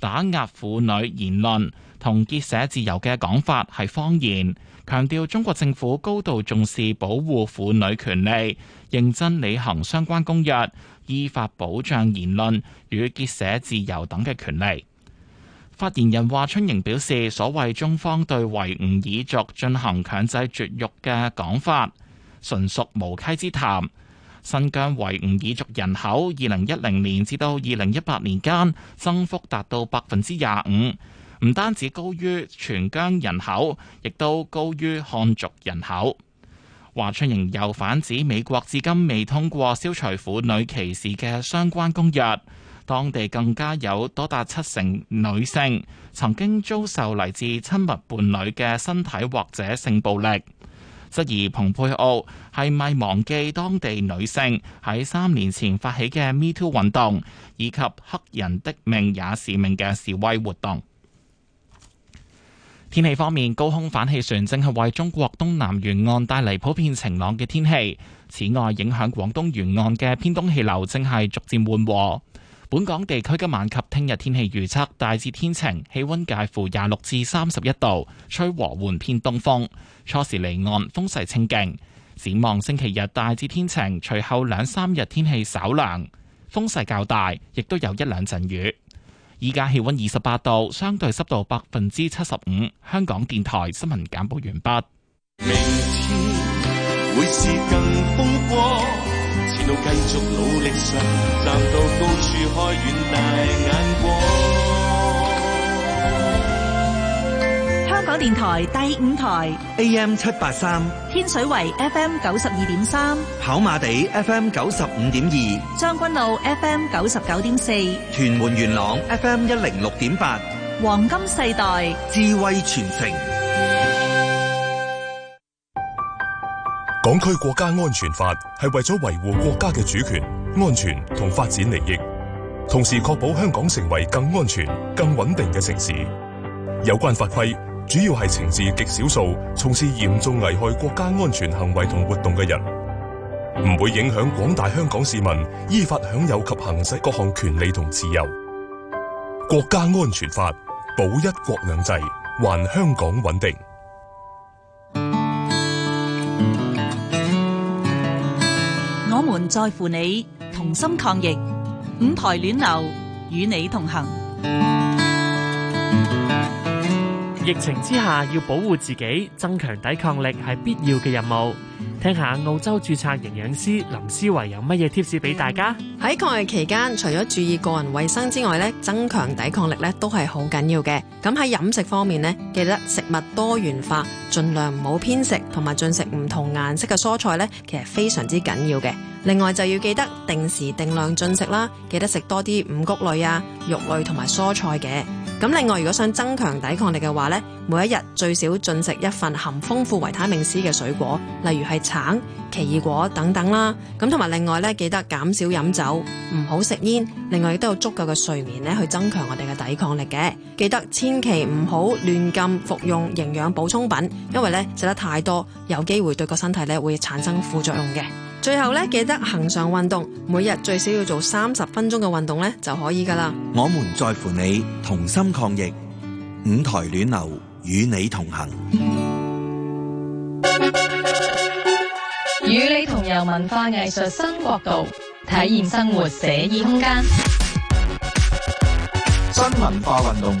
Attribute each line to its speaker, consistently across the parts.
Speaker 1: 打壓婦女言論同結社自由嘅講法係謊言，強調中國政府高度重視保護婦女權利，認真履行相關公約，依法保障言論與結社自由等嘅權利。發言人華春瑩表示，所謂中方對維吾爾族進行強制絕育嘅講法，純屬無稽之談。新疆維吾爾族人口，二零一零年至到二零一八年間，增幅達到百分之廿五，唔單止高於全疆人口，亦都高於漢族人口。華春瑩又反指美國至今未通過消除婦女歧視嘅相關公約，當地更加有多達七成女性曾經遭受嚟自親密伴侶嘅身體或者性暴力。質疑蓬佩奧係咪忘記當地女性喺三年前發起嘅 Me Too 運動，以及黑人的命也是命嘅示威活動。天氣方面，高空反氣旋正係為中國東南沿岸帶嚟普遍晴朗嘅天氣。此外，影響廣東沿岸嘅偏東氣流正係逐漸緩和。本港地區今晚及聽日天氣預測大致天晴，氣溫介乎廿六至三十一度，吹和緩偏東風。初時離岸風勢清勁，展望星期日大致天晴，隨後兩三日天氣稍涼，風勢較大，亦都有一兩陣雨。依家氣溫二十八度，相對濕度百分之七十五。香港電台新聞簡報完
Speaker 2: 畢。前路繼續努力上，上站到高處開遠大眼光。
Speaker 3: 香港電台第五台
Speaker 4: AM 七八三，天水圍 FM 九十二點三，
Speaker 1: 跑馬地 FM 九十五點二，
Speaker 5: 將軍澳 FM 九十九點四，
Speaker 1: 屯門元朗 FM 一零六點八，
Speaker 5: 黃金世代
Speaker 1: 智慧傳承。
Speaker 6: 港區國家安全法係為咗維護國家嘅主權、安全同發展利益，同時確保香港成為更安全、更穩定嘅城市。有關法規主要係懲治極少數從事嚴重危害國家安全行為同活動嘅人，唔會影響廣大香港市民依法享有及行使各項權利同自由。國家安全法保一國兩制，還香港穩定。
Speaker 4: 唔在乎你，同心抗疫，五台暖流，與你同行。
Speaker 1: 疫情之下，要保護自己，增強抵抗力係必要嘅任務。聽下澳洲註冊營養師林思維有乜嘢貼士俾大家？
Speaker 5: 喺抗疫期間，除咗注意個人衛生之外咧，增強抵抗力咧都係好緊要嘅。咁喺飲食方面咧，記得食物多元化，盡量唔好偏食同埋進食唔同顏色嘅蔬菜咧，其實非常之緊要嘅。另外就要記得定時定量進食啦，記得食多啲五穀類啊、肉類同埋蔬菜嘅。咁另外，如果想增強抵抗力嘅話呢，每一日最少進食一份含豐富維他命 C 嘅水果，例如係橙、奇異果等等啦。咁同埋另外呢，記得
Speaker 4: 減少飲酒，唔好食煙。另外亦都有足夠嘅睡眠呢，去增強我哋嘅抵抗力嘅。記得千祈唔好亂咁服用營養補充品，因為呢，食得
Speaker 5: 太多，有機會對個身體咧會產生副作用嘅。最後咧，記得恆常運動，每日最少要做三十分鐘嘅運動咧，就可以噶啦。
Speaker 6: 我們在乎你，同心抗疫，舞台暖流與你同行，
Speaker 3: 與、嗯、你同遊文化藝術新國度，體驗生活寫意空間，
Speaker 2: 新文化
Speaker 6: 運動。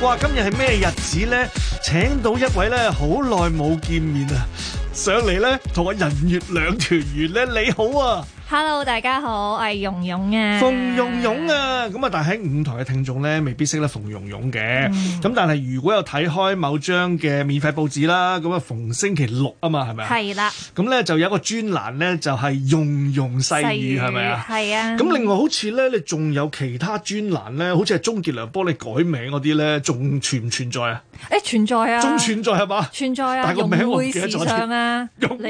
Speaker 6: 哇，今日係咩日子咧？請到一位咧，好耐冇見面啊！上嚟咧，同我人月兩團圓咧，你好啊！
Speaker 5: hello，大家好，我係榕榕啊，馮榕榕
Speaker 6: 啊，咁啊，但喺五台嘅聽眾咧，未必識得馮榕榕嘅，咁、嗯、但係如果有睇開某張嘅免費報紙啦，咁啊逢星期六啊嘛，係咪啊？係啦的，咁咧就有一個專欄咧，就係榕榕細語，係咪啊？係啊
Speaker 2: 吧，咁的另外好似咧，你
Speaker 6: 仲有其他專欄咧，好似係鍾傑良幫你改名嗰啲咧，仲存唔存在啊？
Speaker 5: 誒，存在啊，仲存在係嘛？存在啊，但個名我唔記得咗、啊、你改噶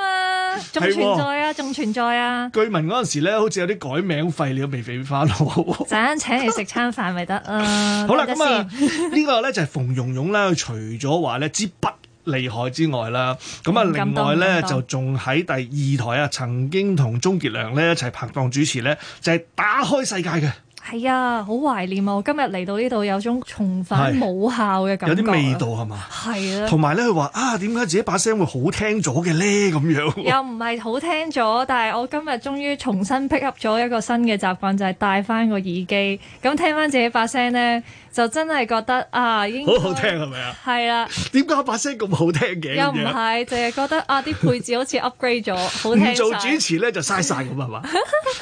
Speaker 5: 嘛？仲存在啊，仲、哦、存在啊！
Speaker 6: 據聞嗰陣時咧，好似有啲改名廢料未肥翻好，
Speaker 5: 成日請你食餐飯咪得啦。好啦，咁啊，
Speaker 6: 呢個咧就係馮榕榕啦，除咗話咧支筆厲害之外啦，咁啊、嗯、另外咧動就仲喺第二台啊，動曾經同鍾杰良咧一齊拍檔主持咧，就係、是、打開世界嘅。
Speaker 5: 係啊，好、哎、懷念啊！我今日嚟到呢度有種重返母校嘅感覺，有啲味道係嘛？係的啊。同
Speaker 6: 埋咧，佢話啊，點解自己把聲會好聽咗嘅咧？咁樣又
Speaker 5: 唔係好聽咗，但係我今日終於重新 pick up 咗一個新嘅習慣，就係、是、戴翻個耳機，咁聽翻自己把聲咧，就真係覺得啊，已經好好聽係咪了啊？係啦。
Speaker 6: 點解把聲咁好聽嘅？又唔係，
Speaker 5: 淨係覺得啊，啲配置好似 upgrade 咗， 好聽唔做主
Speaker 6: 持咧就嘥晒。咁係嘛？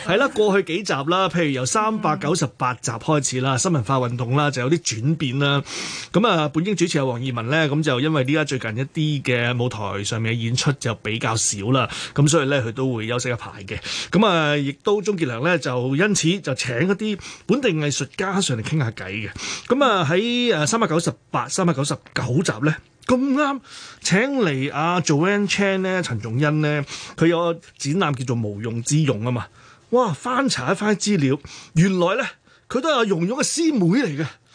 Speaker 6: 係 啦，過去幾集啦，譬如由三百九九十八集開始啦，新文化運動啦，就有啲轉變啦。咁啊，本英主持阿黃義文咧，咁就因為呢家最近一啲嘅舞台上面嘅演出就比較少啦，咁所以咧佢都會休息一排嘅。咁啊，亦都鍾傑良咧就因此就請一啲本地藝術家上嚟傾下偈嘅。咁啊喺誒三百九十八、三百九十九集咧，咁啱請嚟阿 Joanne Chan 咧、陳仲恩咧，佢有個展覽叫做無用之用啊嘛。哇！翻查一番資料，原來咧佢都係榕榕嘅師妹嚟嘅。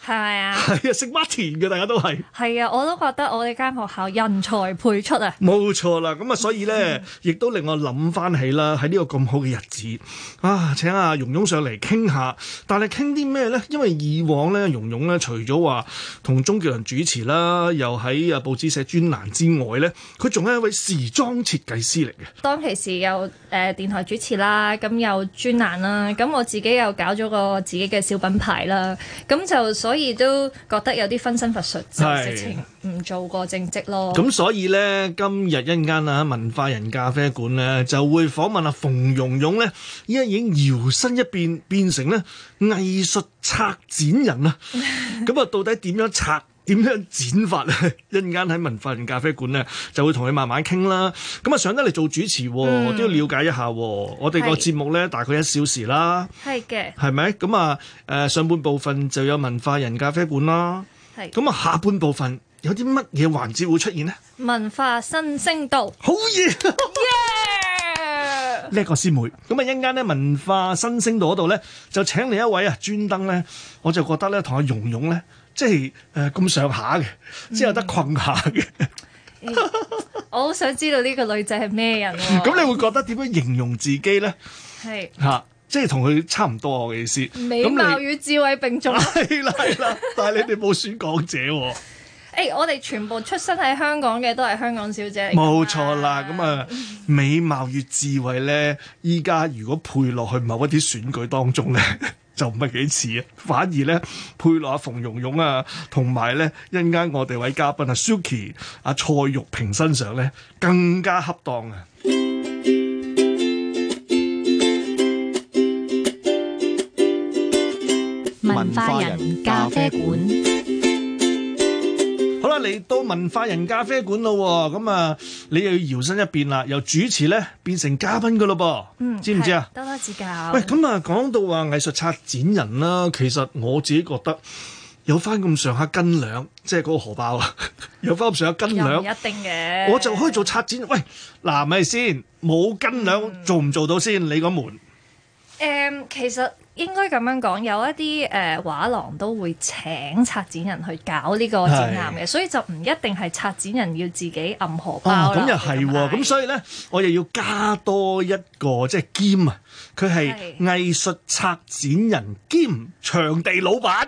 Speaker 6: 係咪啊？係啊， 識 m a 嘅大家都係。
Speaker 5: 係啊，我都覺得我呢間學校人才輩出啊！
Speaker 6: 冇錯啦，咁啊，所以咧，亦 都令我諗翻起啦，喺呢個咁好嘅日子啊，請阿榕榕上嚟傾下。但係傾啲咩咧？因為以往咧，榕榕咧，除咗話同鍾傑良主持啦，又喺啊報紙寫專欄之外咧，佢仲係一位時裝設計師嚟嘅。
Speaker 5: 當其時又誒、呃、電台主持啦，咁又專欄啦，咁我自己又搞咗個自己嘅小品牌啦，咁就所。所以都覺得有啲分身乏術，
Speaker 6: 是就直情
Speaker 5: 唔做過正職咯。咁
Speaker 6: 所以咧，今日一間啊文化人咖啡館咧，就會訪問啊馮榕榕咧，依家已經搖身一變變成咧藝術策展人啊，咁啊，到底點樣策？ 點樣剪法咧？一陣間喺文化人咖啡館咧，就會同佢慢慢傾啦。咁啊，上得嚟做主持、嗯、都要了解一下。是我哋個節目咧，大概一小時啦。係嘅的，係咪？咁啊，誒、呃、上半部分就有文化人咖啡館啦。係是。咁啊，下半部分有啲乜嘢環節會出現呢？
Speaker 5: 文化新星道，好嘢
Speaker 6: 耶！呢 個 Yeah! 師妹。咁啊，一陣間咧，文化新星，星道嗰度咧，就請嚟一位啊，專登咧，我就覺得咧，同阿、啊、蓉蓉咧。即係誒咁上下嘅，即係有得困下嘅。嗯欸、
Speaker 5: 我好想知道呢個女仔係咩人，啊。咁
Speaker 6: 你會覺得點樣形容自己咧？
Speaker 5: 係
Speaker 6: 吓 是，即係同佢差唔多我嘅意思。美貌與
Speaker 5: 智慧並重。係啦
Speaker 6: 係啦，但係你哋冇選港姐，啊。
Speaker 5: 誒、 欸，我哋全部出身喺香港嘅都係香港小姐。
Speaker 6: 冇錯啦，咁 啊，美貌與智慧咧，依家如、如果配落去某一啲選舉當中咧。 就唔係幾似啊，反而咧配落阿馮榕榕啊，同埋咧一陣間我哋位嘉賓啊 Suki 阿、啊、蔡玉萍身上咧更加恰當啊！文
Speaker 2: 化人咖啡館。
Speaker 6: 好啦，嚟到文化人咖啡館咯，哦，咁啊，你又要搖身一變啦，由主持咧變成嘉賓噶咯噃，嗯，知唔知啊？
Speaker 2: 多多指教。喂，
Speaker 6: 咁啊，講到話藝術策展人啦，其實我自己覺得有翻咁上下斤兩，即係嗰個荷包啊， 有翻咁上下斤兩。唔
Speaker 5: 一定嘅。我就可
Speaker 6: 以做策展人。喂，嗱，啊，咪先，冇斤兩做唔做到先？你嗰門。
Speaker 5: 誒，嗯，其實。應該咁樣講，有一啲誒畫廊都會請策展人去搞呢個展覽嘅。是所以就唔一定係策展人要自己暗荷包啦。咁
Speaker 6: 又係喎，咁、啊、是所以呢，我又要加多一個即係兼啊，佢係藝術策展人兼場地老闆。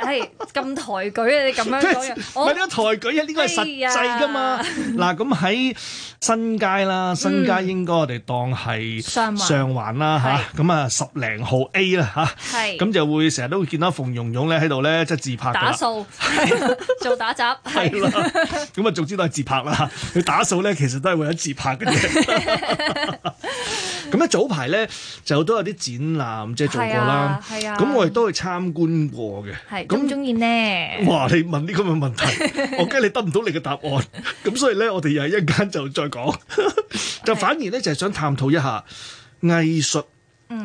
Speaker 5: 係咁抬舉啊，你咁樣講。
Speaker 2: 唔係呢個
Speaker 6: 抬舉啊，呢個係實際噶嘛。嗱，咁喺新街啦，新街應該我哋當係上環啦吓，咁、嗯、啊十零號 A 啦、啊、吓，咁是就會成日都會見到馮蓉蓉咧喺度咧即係自拍打掃
Speaker 5: 數、 啊，做打雜，係啦，
Speaker 6: 咁 啊總之都係自拍啦。佢打掃咧其實都係為咗自拍嘅啫。 咁咧早排咧就都有啲展覽即係、就是、做過啦，咁、啊啊、我哋都去參觀過嘅。
Speaker 5: 咁中意咧？哇那！你
Speaker 6: 問啲咁嘅問題，我驚你得唔到你嘅答案。咁 所以咧，我哋又係一間就再講， 就反而咧就係、是、想探討一下藝術，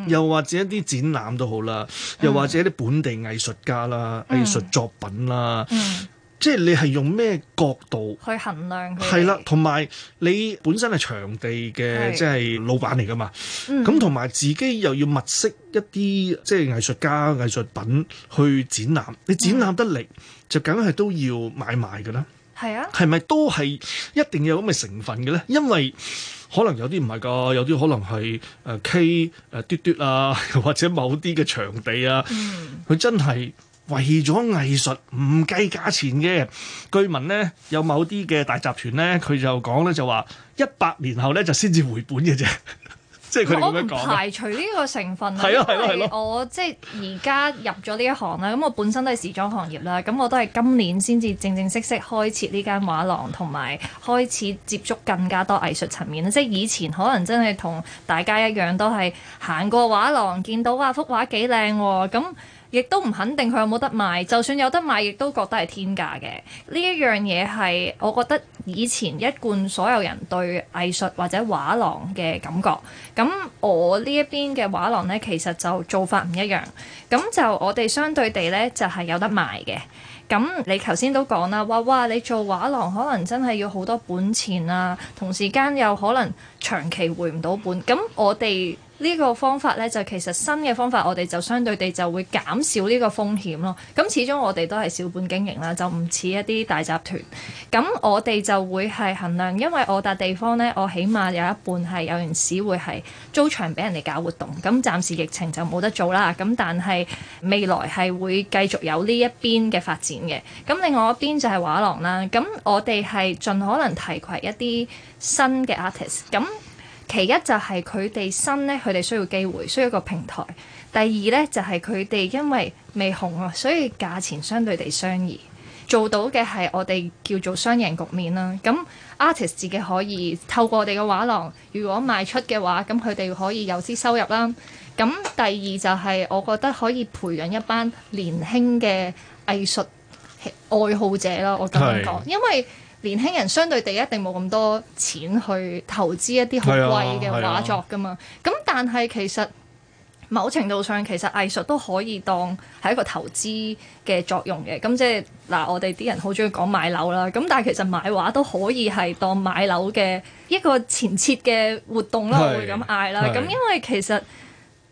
Speaker 6: 又或者一啲展覽都好啦，嗯、又或者一啲本地藝術家啦、嗯、藝術作品啦。嗯嗯即係你係用咩角度去
Speaker 5: 衡量佢？係
Speaker 6: 啦，同埋你本身係場地嘅，即係是老闆嚟噶嘛。咁同埋自己又要物色一啲即係藝術家、藝術品去展覽。你展覽得嚟，嗯、就梗係都要買賣嘅啦。係啊，係咪都係一定有咁嘅成分嘅咧？因為可能有啲唔係㗎，有啲可能係誒 K 誒、呃、嘟嘟啊，或者某啲嘅場地啊，佢、嗯、真係。為咗藝術唔計價錢嘅。據聞呢有某啲嘅大集團呢，佢就講呢就話一百年後呢就先至回本嘅啫。 我唔排
Speaker 5: 除呢個成分，係 我即係而家入咗呢一行啦。咁、 嗯、我本身都係時裝行業啦，咁我都係今年先至正正式式開設呢間畫廊，同埋開始接觸更加多藝術層面。即係以前可能真係同大家一樣，都係行過畫廊，見到話、啊、幅畫幾靚、哦，咁、嗯、亦都唔肯定佢有冇得賣。就算有得賣，亦都覺得係天價嘅。呢一樣嘢係我覺得以前一貫所有人對藝術或者畫廊嘅感覺。咁我呢一邊嘅畫廊呢，其實就做法唔一樣，咁就我哋相對地呢，就係有得賣嘅。咁你頭先都講啦，話哇，哇，你做畫廊可能真係要好多本錢啊，同時間又可能長期回唔到本。咁我哋呢個方法呢，就其實新嘅方法，我哋就相對地就會減少呢個風險咯。咁始終我哋都係小本經營啦，就唔似一啲大集團。咁我哋就會係衡量，因為我笪地方呢，我起碼有一半係有陣時會係租場俾人哋搞活動。咁暫時疫情就冇得做啦。咁但係未來係會繼續有呢一邊嘅發展嘅。咁另外一邊就係畫廊啦。咁我哋係盡可能提携一啲新嘅 artist。咁其一就係佢哋新呢，佢哋需要機會，需要一個平台。第二呢，就係佢哋因為未紅啊，所以價錢相對地相宜。做到嘅係我哋叫做雙贏局面啦。咁 artist 自己可以透過我哋嘅畫廊，如果賣出嘅話，咁佢哋可以有啲收入啦。咁第二就係我覺得可以培養一班年輕嘅藝術愛好者咯。我咁講，是因為。年輕人相對地一定冇咁多錢去投資一啲好貴嘅畫作㗎嘛，咁、啊啊、但係其實某程度上其實藝術都可以當係一個投資嘅作用嘅，咁即係嗱我哋啲人好中意講買樓啦，咁但係其實買畫都可以係當買樓嘅一個前設嘅活動啦，是我會咁嗌啦，咁因為其實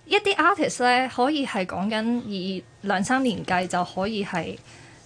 Speaker 5: 一啲 artist 咧可以係講緊以兩三年計就可以係。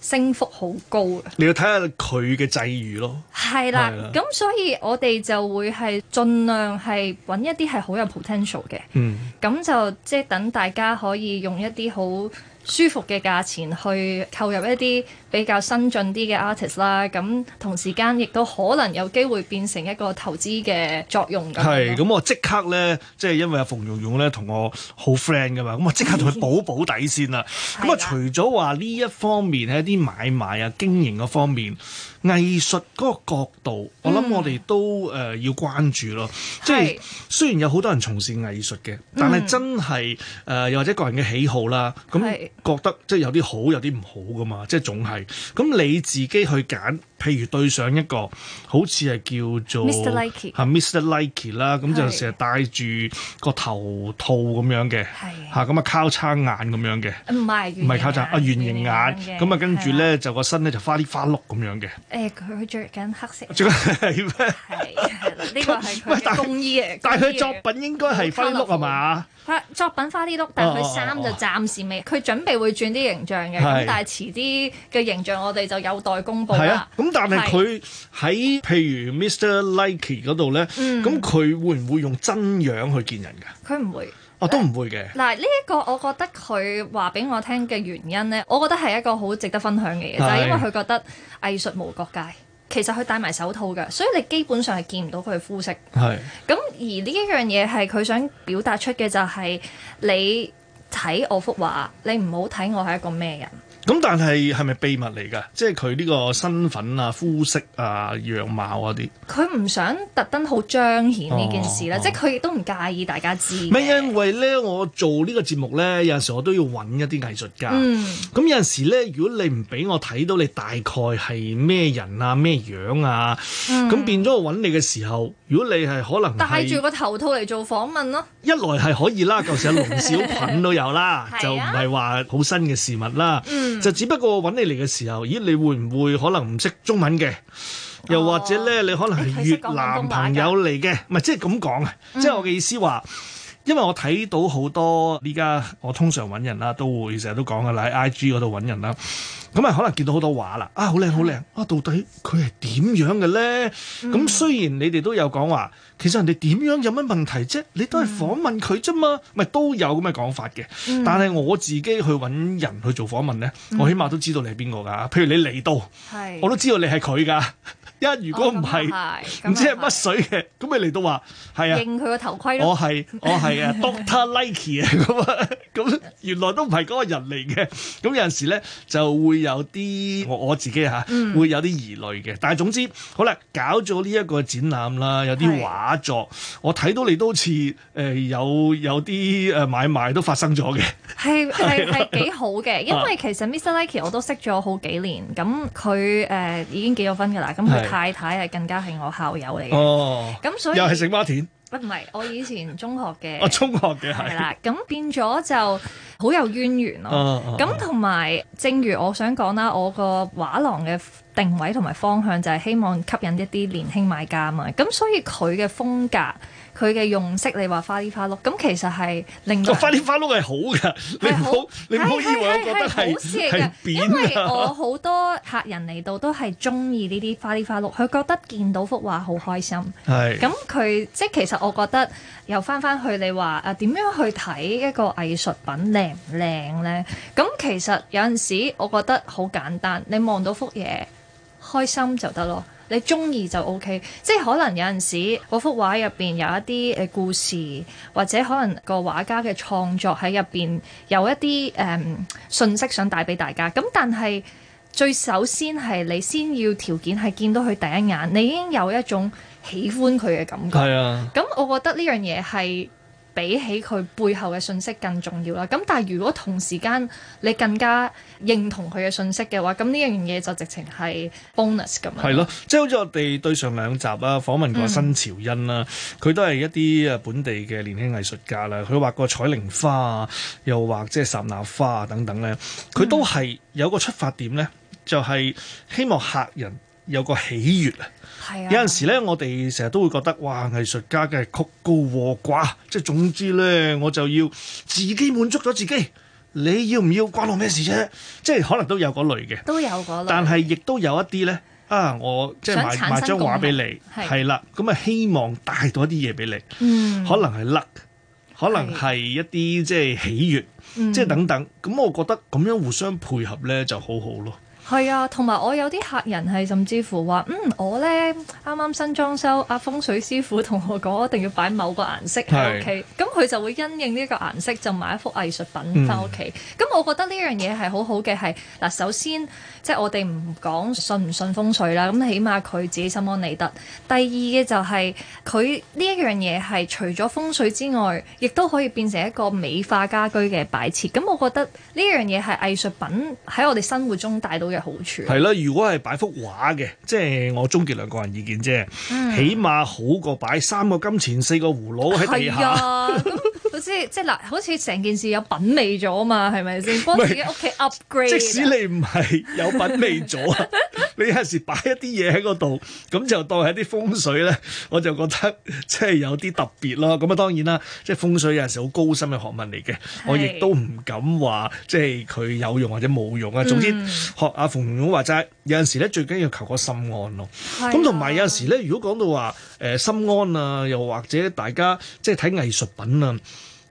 Speaker 5: 升幅好高嘅，
Speaker 6: 你要睇下佢嘅際遇咯。係啦的，咁
Speaker 5: 的所以我哋就會係盡量係揾一啲係好有 potential 嘅，咁、嗯、就即係等大家可以用一啲好舒服嘅價錢去購入一啲比較新進啲嘅 artist 啦，咁同時間亦都可能有機會變成一個投資嘅作
Speaker 6: 用。係，咁我即刻咧，即係因為阿馮榕榕咧同我好 friend 噶嘛，咁我即刻同佢補補底先啦。咁啊的，除咗話呢一方面喺一啲買賣啊經營嘅方面。藝術嗰個角度，我諗我哋都誒、嗯呃、要關注咯。即係是雖然有好多人從事藝術嘅，但係真係誒又或者個人嘅喜好啦，咁、嗯、是覺得即係有啲好，有啲唔好噶嘛，即係總係。咁你自己去揀。譬如對上一個好似係叫做 Mr. Licky，吓 Mr. Licky 啦，咁就成日戴住個頭套咁樣嘅，吓，咁啊交叉眼咁樣嘅，
Speaker 5: 唔係唔係交叉
Speaker 6: 啊圓形眼，咁啊跟住咧就個身咧就花啲花碌咁樣嘅。
Speaker 5: 誒佢佢著緊黑色，係咩？係啦，呢個係工衣嘅，但佢作
Speaker 6: 品應該係花碌係嘛？
Speaker 5: 作品花啲碌，但佢衫就暫時未，佢、oh, oh, oh. 準備會轉啲形象嘅，是但係遲啲嘅形象我哋就有待公佈啦。咁、啊、但係佢
Speaker 6: 喺譬如 Mr. Nike 嗰度咧，咁佢、嗯、會唔會用真樣去見人㗎？佢唔會，我、哦、都唔會嘅。
Speaker 5: 嗱呢一個我覺得佢話俾我聽嘅原因咧，我覺得係一個好值得分享嘅嘢，是就係因為佢覺得藝術無國界。其實佢戴埋手套嘅，所以你基本上係見唔到佢嘅膚色。係，咁而呢一樣嘢係佢想表達出嘅就係你睇我幅畫，你唔好睇我係一個咩人。
Speaker 6: 咁但係係咪秘密嚟噶？即係佢呢個身份啊、膚色啊、樣貌嗰啲，
Speaker 5: 佢唔想特登好彰顯呢件事啦。哦、即係佢亦都唔介意大家知。咩？
Speaker 6: 因為咧，我做個節呢個節目咧，有陣時我都要揾一啲藝術家。嗯。咁有陣時咧，如果你唔俾我睇到你大概係咩人啊、咩樣啊，咁、嗯、變咗我揾你嘅時候。如果你係可能戴住個
Speaker 5: 頭套嚟做訪問咯、啊，一
Speaker 6: 來係可以啦，舊時阿龍小菌都有啦， 啊、就唔係話好新嘅事物啦，嗯、就只不過揾你嚟嘅時候，咦，你會唔會可能唔識中文嘅？嗯、又或者咧，你可能係越南朋友嚟嘅，唔係即係咁講啊，即、就、係、係就係、我嘅意思話。嗯因為我睇到好多而家，我通常揾人啦，都會成日都講㗎喇，喺 I G 嗰度揾人啦。咁啊，可能見到好多畫啦，啊，好靚好靚，的啊到底佢係點樣嘅咧？咁、嗯、雖然你哋都有講話，其實人哋點樣有乜問題啫？你都係訪問佢啫嘛，咪、嗯、都有咁嘅講法嘅。嗯、但係我自己去揾人去做訪問咧，嗯、我起碼都知道你係邊個㗎。譬如你嚟到，的我都知道你係佢㗎。一如果唔係唔知係乜水嘅，咁你嚟到話係啊，認
Speaker 5: 佢個頭盔咯。我係我係啊，Doctor
Speaker 6: Nike 啊，咁啊，咁原來都唔係嗰個人嚟嘅。咁有陣時咧就會有啲我我自己嚇、啊嗯、會有啲疑慮嘅。但係總之好啦，搞咗呢一個展覽啦，有啲畫作，是我睇到你都好似誒、呃、有有啲誒買賣都發生咗嘅。係係
Speaker 5: 係幾好嘅， 因為其實 Mr Nike 我都識咗好幾年，咁佢誒已經結咗婚㗎啦，咁是太太係更加係我校友嚟
Speaker 6: 嘅，咁、哦、所以又係聖馬田。
Speaker 5: 唔係，我以前中學嘅，啊中
Speaker 6: 學嘅係。係啦，
Speaker 5: 咁變咗就好有淵源咯。咁同埋，嗯、正如我想講啦，我個畫廊嘅定位同埋方向就係希望吸引一啲年輕買家嘛。咁所以佢嘅風格。佢嘅用色，你話花里花碌，咁其實係令到花哩花
Speaker 6: 碌係、哦、好㗎，是你好，是你唔好是以為我覺得係係扁。因為我
Speaker 5: 好多客人嚟到都係中意呢啲花里花碌，佢覺得見到幅畫好開心。係咁佢，即係其實我覺得又翻翻去，你話誒點樣去睇一個藝術品靚唔靚咧？咁其實有陣時我覺得好簡單，你望到幅嘢開心就得咯。你中意就 OK，即係可能有陣時嗰幅畫入邊有一啲誒故事，或者可能個畫家嘅創作喺入邊有一啲誒信息想帶俾大家。咁但係最首先係你先要條件係見到佢第一眼，你已經有一種喜歡佢嘅感覺。係啊，咁我覺得呢樣嘢係，比起佢背後嘅信息更重要啦，咁但係如果同時間你更加認同佢嘅信息嘅話，咁呢樣嘢就直情係 bonus 咁樣。係咯，即
Speaker 6: 係好似我哋對上兩集啊，訪問過新潮恩啦，佢、嗯、都係一啲啊本地嘅年輕藝術家啦，佢畫過彩靈花啊，又畫即係什拿花啊等等咧，佢都係有個出發點咧，就係希望客人有個喜悅啊。有陣時咧，我哋成日都會覺得哇，藝術家嘅曲高和寡，即係總之咧，我就要自己滿足咗自己。你要唔要關我咩事啫？即係可能都有嗰類嘅，
Speaker 5: 都有嗰類。但係
Speaker 6: 亦都有一啲咧，啊，我即係賣賣張畫俾你，係啦的，咁啊希望帶到一啲嘢俾你，嗯可，可能係 luck，可能係一啲即係喜悅，即係等等。咁我覺得咁樣互相配合咧就好好咯。
Speaker 5: 係啊，同埋我有啲客人係甚至乎話：嗯，我呢啱啱新裝修，阿風水師傅同我講，一定要擺某個顏色喺屋企，咁佢是就會因應呢個顏色就買一幅藝術品翻屋企。咁、嗯、我覺得呢樣嘢係好好嘅，係嗱首先即係、就是、我哋唔講信唔信風水啦，咁起碼佢自己心安理得。第二嘅就係佢呢一樣嘢係除咗風水之外，亦都可以變成一個美化家居嘅擺設。咁我覺得呢樣嘢係藝術品喺我哋生活中帶到。係
Speaker 6: 啦，如果係擺幅畫嘅，即係我鍾杰良個人意見啫，嗯、起碼好過擺三個金錢、四個葫蘆喺地下。的
Speaker 5: 即即嗱，好似成件事有品味咗啊嘛，係咪先幫自己屋企 upgrade？即使你
Speaker 6: 唔係有品味咗， 你有陣時擺一啲嘢喺嗰度，咁就當係啲風水咧，我就覺得即係有啲特別咯。咁啊，當然啦，即係風水有陣時好高深嘅學問嚟嘅，是我亦都唔敢話即係佢有用或者冇用啊。總之，學阿、嗯、馮蓉蓉話齋，有陣時咧最緊要求個心安咯。咁同埋有陣時咧，如果講到話誒心安啊，又或者大家即係睇藝術品啊。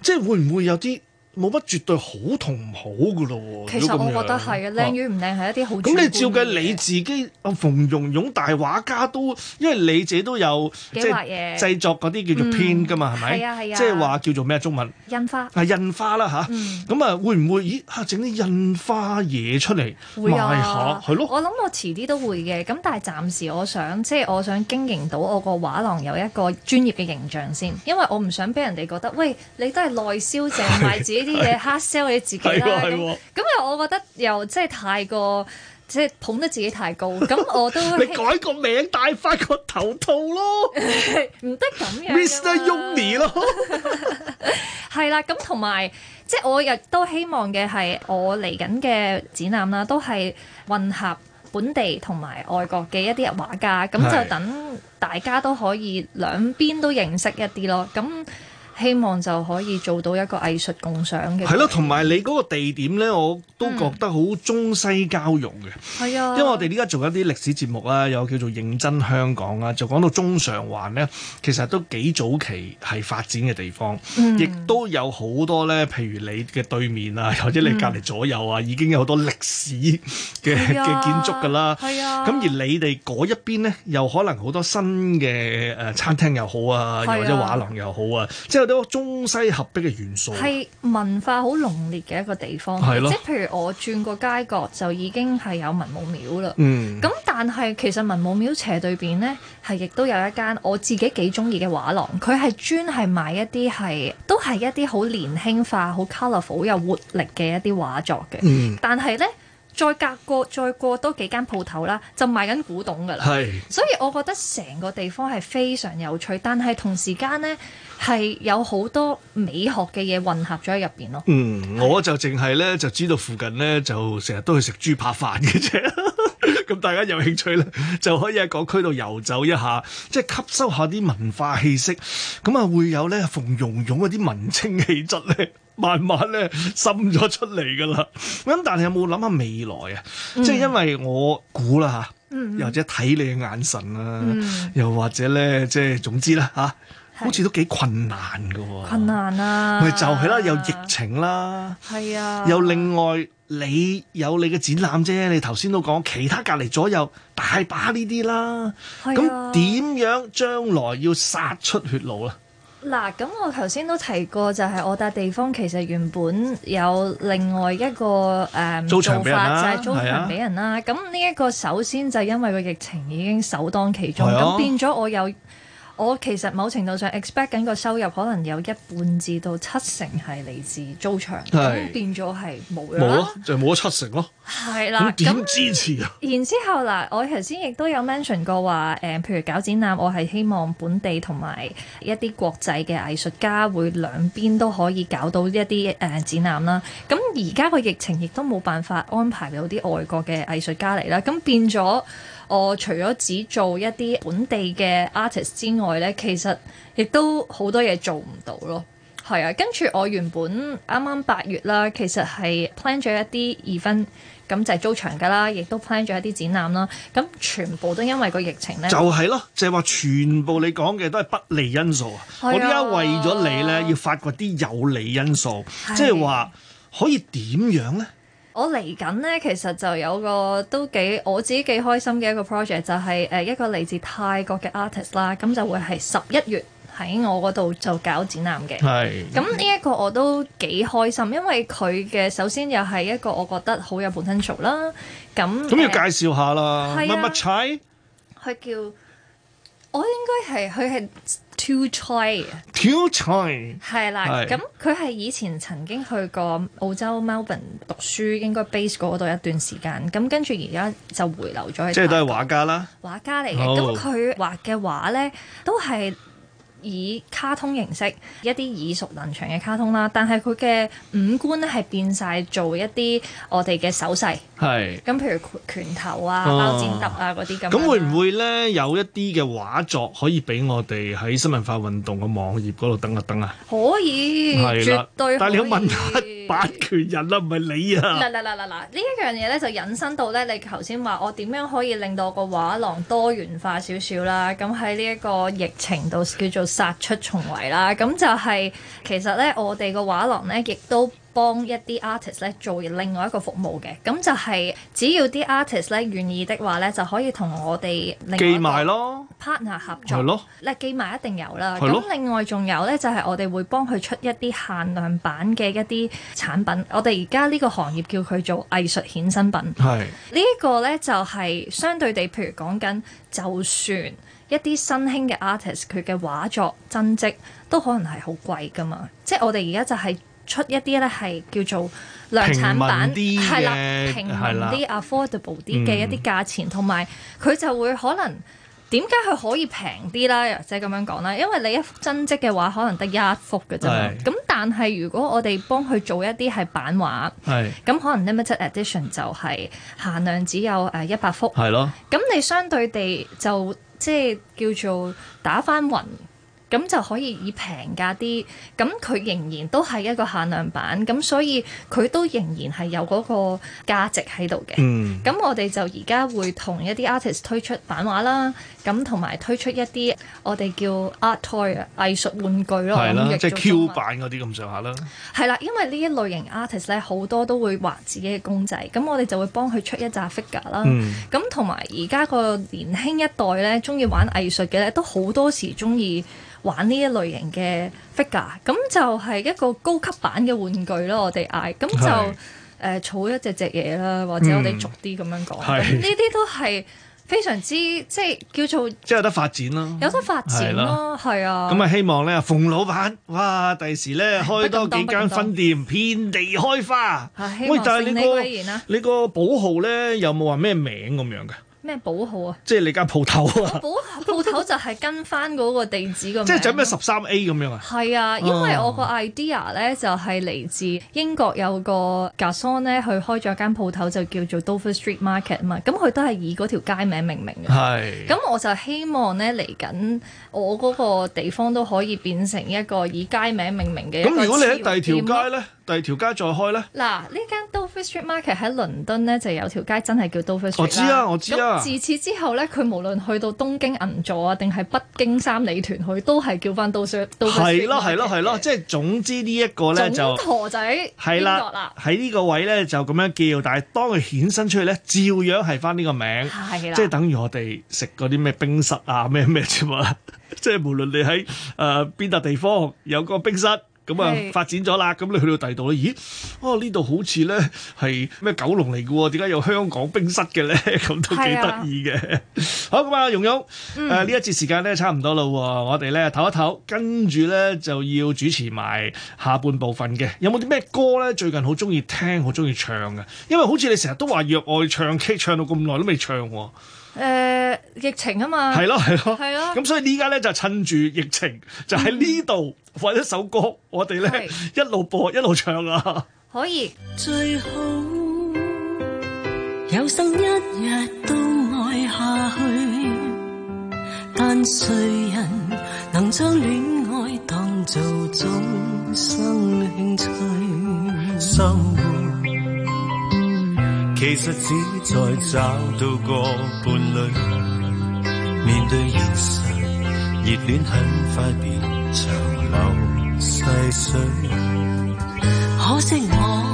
Speaker 6: 即係會唔會有啲？冇乜絕對好同唔好噶咯，其實我覺得係
Speaker 5: 啊，靚與唔靚係一啲好。咁你照計你
Speaker 6: 自己，阿馮榕榕大畫家都，因為你自己都有即係製作嗰啲叫做編噶嘛，係咪？係啊係啊。即係話叫做咩中文？
Speaker 5: 印花係
Speaker 6: 印花啦吓。咁啊會唔會？咦嚇，整啲印花嘢出嚟賣下係咯？我
Speaker 5: 諗我遲啲都會嘅，咁但係暫時我想即係我想經營到我個畫廊有一個專業嘅形象先，因為我唔想俾人哋覺得，喂，你都係內銷淨賣自己。啲嘢 hard sell 你自己啦，咁啊，我覺得又即係太過即係捧得自己太高，咁
Speaker 6: 我都 你改個名，戴翻個頭套咯，唔得咁樣，Mr. Yungny 咯，
Speaker 5: 係啦、 嗯，咁同埋即係我亦都希望嘅係我嚟緊嘅展覽啦，都係混合本地同埋外國嘅一啲畫家，咁就等大家都可以兩邊都認識一啲咯，咁。嗯嗯嗯 希望就可以做到一個藝術共賞嘅。係咯，
Speaker 6: 同埋你嗰個地點咧，我都覺得好中西交融嘅。係啊，因為我哋依家做一啲歷史節目啊，有叫做認真香港啊，就講到中上環咧，其實都幾早期係發展嘅地方，亦都有好多咧，譬如你嘅對面啊，或者你隔離左右啊，已經有好多歷史嘅嘅建築㗎啦。係啊，咁而你哋嗰一邊咧，又可能好多新嘅誒餐廳又好啊，又或者畫廊又好啊，即係。多中西合璧嘅元素，係
Speaker 5: 文化好濃烈嘅一個地方。即係的譬如我轉過街角就已經係有文武廟啦。咁、嗯、但係其實文武廟斜對邊呢，係亦都有一間我自己幾中意嘅畫廊，佢係專係買一啲係都係一啲好年輕化、好 colourful、好有活力嘅一啲畫作嘅。嗯、但係呢。再隔過再過多幾間鋪頭啦，就賣緊古董噶啦。係是，所以我覺得成個地方係非常有趣，但係同時間呢，係有好多美學嘅嘢混合咗喺入邊咯。嗯，
Speaker 6: 我就淨係咧就知道附近呢，就成日都去食豬扒飯嘅啫。咁 大家有興趣咧就可以喺個區度遊走一下，即係吸收一下啲文化氣息。咁啊會有咧馮榕榕一啲文青氣質咧。慢慢咧，滲咗出嚟噶啦。咁但係有冇諗下未來啊？嗯、即係因為我估啦吓，又或者睇你嘅眼神啦，又或者咧，即係總之啦、啊，吓是，好似都幾困難噶、啊。困
Speaker 5: 難啊！咪就係啦，
Speaker 6: 有疫情啦，
Speaker 5: 係啊，又
Speaker 6: 另外你有你嘅展覽啫。你頭先都講其他隔籬左右大把呢啲啦。
Speaker 2: 咁點、
Speaker 6: 啊、樣將來要殺出血路啦？
Speaker 5: 嗱，咁我頭先都提過，就係、是、我笪地方其實原本有另外一個誒做法，就、呃、係租場俾人啦、啊。咁呢一個首先就係因為個疫情已經首當其衝，咁是、啊、變咗我有。我其實某程度上 expect 緊個收入可能有一半至到七成係嚟自租場，咁是變咗係
Speaker 6: 冇咗冇咯，就冇、是、咗七成咯。
Speaker 5: 係啦，咁點
Speaker 6: 支持啊？
Speaker 5: 然之後嗱，我頭先亦都有 mention 過話，誒、呃，譬如搞展覽，我係希望本地同埋一啲國際嘅藝術家會兩邊都可以搞到一啲誒、呃、展覽啦。咁而家個疫情亦都冇辦法安排到啲外國嘅藝術家嚟啦，咁變咗。我除咗只做一啲本地嘅 artist 之外咧，其實亦都好多嘢做唔到咯。係啊，跟住我原本啱啱八月啦，其實係 plan 咗一啲二分咁就係租場噶啦，亦都 plan 咗一啲展覽啦。咁全部都因為個疫情咧，就係咯，
Speaker 6: 就係話全部你講嘅都係不利因素啊！我而家為咗你咧，要發掘啲有利因素，是即係話可以點樣咧？
Speaker 5: 我嚟緊呢，其實就有個都幾我自己幾開心嘅一個 project，就係、是、誒一個嚟自泰國嘅 artist 啦，咁就會係十一月喺我嗰度就搞展覽嘅。係咁呢一個我都幾開心，因為佢嘅首先又係一個我覺得好有 potential 啦。咁咁要介
Speaker 6: 紹下啦，乜乜柒？
Speaker 5: 佢、啊、叫。我應該係佢係 two try，two try 係啦。咁佢係以前曾經去過澳洲 Melbourne 讀書，應該 base 過嗰度一段時間。咁跟住而家就回流咗去。即係都係畫家啦，畫家嚟嘅。咁佢、oh. 嗯、畫嘅畫咧，都係，以卡通形式，一啲耳熟能詳嘅卡通啦，但係佢嘅五官咧係變晒做一啲我哋嘅手勢，係是，咁譬如拳頭啊、哦、包剪揼啊嗰啲咁。咁、嗯、會
Speaker 6: 唔會咧有一啲嘅畫作可以俾我哋喺新文化運動嘅網頁嗰度等一等啊？
Speaker 5: 可以， 絕對，但係你要問
Speaker 6: 題。八權人啦，唔係你啊！嗱
Speaker 5: 嗱嗱嗱，呢一樣嘢咧就引申到咧，你頭先話我點樣可以令到我個畫廊多元化少少啦，咁喺呢一個疫情度叫做殺出重圍啦。咁就係其實咧，我哋個畫廊咧亦都，幫一啲 artist 咧做另外一個服務嘅，咁就係只要啲 artist 咧願意的話咧，就可以同我哋另外 partner 合作。係咯，咧記埋一定有啦。係咯。咁另外仲有咧，就係、是、我哋會幫佢出一啲限量版嘅一啲產品。我哋而家呢個行業叫佢做藝術衍生品。係是。呢一個咧就係、是、相對地，譬如講緊，就算一啲新興嘅 artist 佢嘅畫作增值都可能係好貴噶嘛。即係我哋而家就係、是。出一啲咧係叫做量產版，係啦，平民啲、是啦 affordable 啲嘅一啲價錢，同埋佢就會可能點解佢可以平啲咧？即係咁樣講啦，因為你一幅真跡嘅話，可能得一幅嘅啫。咁是的 但係如果我哋幫佢做一啲係版畫，係咁是的 可能 limited edition 就係限量只有誒一百幅，係咯。咁你相對地就即係、就是、叫做打翻雲。咁就可以以平價啲，咁佢仍然都係一個限量版，咁所以佢都仍然係有嗰個價值喺度嘅。咁、嗯、我哋就而家會同一啲 artist 推出版畫啦，咁同埋推出一啲我哋叫 art toy 啊，藝術玩具咯，即係係啦，Q 版
Speaker 6: 嗰啲咁上下啦。
Speaker 5: 係啦，因為呢一類型 artist 咧，好多都會畫自己嘅公仔，咁我哋就會幫佢出一紮 figure 啦。咁同埋而家個年輕一代咧，中意玩藝術嘅咧，都好多時中意玩呢一類型嘅 figur，e 咁就係一個高級版嘅玩具咯。我哋嗌咁就誒儲是、呃、一隻隻嘢啦，或者我哋逐啲咁樣講，呢啲、嗯、都係非常之即係、就是、叫做
Speaker 6: 即係有得發展咯、啊，有得發展咯，
Speaker 5: 係啊。咁咪
Speaker 6: 的的希望咧，馮老闆，哇！第時咧的開多幾間分店，遍地開花。
Speaker 5: 啊、喂，但、就、係、是這個、你個、啊、
Speaker 6: 你個寶號咧，有冇話咩名咁樣㗎？咩保號啊？即係你間鋪頭啊！
Speaker 5: 保號頭就係跟翻嗰個地址咁。 即係整咩
Speaker 6: 十三 A 咁樣啊？係 啊，因為我個
Speaker 5: idea 咧就係嚟自英國有個 g a s 呢 o 佢開咗間鋪頭就叫做 Dover Street Market 啊嘛。咁佢都係以嗰條街名命名嘅。
Speaker 2: 係是。咁
Speaker 5: 我就希望咧，嚟緊我嗰個地方都可以變成一個以街名命名嘅。咁如果你喺第二條
Speaker 6: 街咧，第二條街再開咧？
Speaker 5: 嗱，呢間 Dover Street Market 喺倫敦咧就有條街真係叫 Dover Street。我知啊，我知啊。自此之後咧，佢無論去到東京銀座啊，定係北京三里屯，佢都係叫翻都上到咯係咯
Speaker 6: 係咯，即係總之呢一個咧就陀
Speaker 5: 仔。係啦就，喺
Speaker 6: 呢的個位咧就咁樣叫，但係當佢衍生出去咧，照樣係翻呢個名，的即係等於我哋食嗰啲咩冰室啊，咩咩之嘛，即係無論你喺誒邊笪地方有個冰室。咁啊，就發展咗啦，咁是你去到第二度咧，咦？哦、啊，呢度好似咧係咩九龍嚟嘅喎？點解有香港冰室嘅咧？咁都幾得意嘅。好，咁啊，榕榕， 誒、嗯、呢、嗯、一節時間咧差唔多啦喎，我哋咧唞一唞，跟住咧就要主持埋下半部分嘅。有冇啲咩歌咧最近好中意聽，好中意唱嘅，啊？因為好似你成日都話熱愛唱 K，唱到咁耐都未唱喎，
Speaker 2: 啊。
Speaker 5: 誒、呃、疫情啊嘛，係咯係咯，係咯，咁
Speaker 6: 的所以依家咧就趁住疫情，就喺呢度揾一首歌，我哋咧的一路播一路唱啊！
Speaker 3: 可以。最
Speaker 2: 好，有生一日都愛下去。但誰人能將戀愛當做終生興趣？ 其實只在找到個伴侶，面對現實，熱戀很快變長流細水。可惜我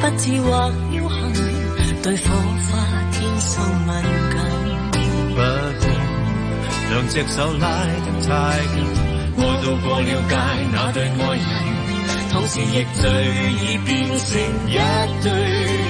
Speaker 2: 不智或僥倖，對火花天生敏感。不過兩隻手拉得太緊，愛到過了界，那對愛人，同時亦最易變成一對。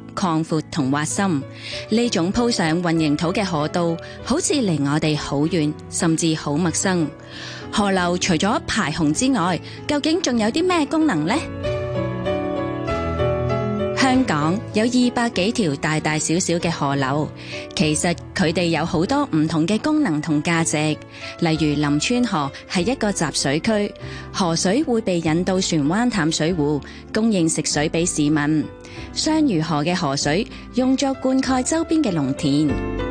Speaker 4: 擴闊同挖深，呢種鋪上混凝土嘅河道，好似離我哋好遠，甚至好陌生。河流除咗排洪之外，究竟仲有啲咩功能呢？香港有二百幾條大大小小嘅河流，其實佢哋有好多唔同嘅功能同價值。例如林村河係一個集水區，河水會被引到船灣淡水湖，供應食水俾市民。雙魚河嘅河水用作灌溉周邊嘅農田。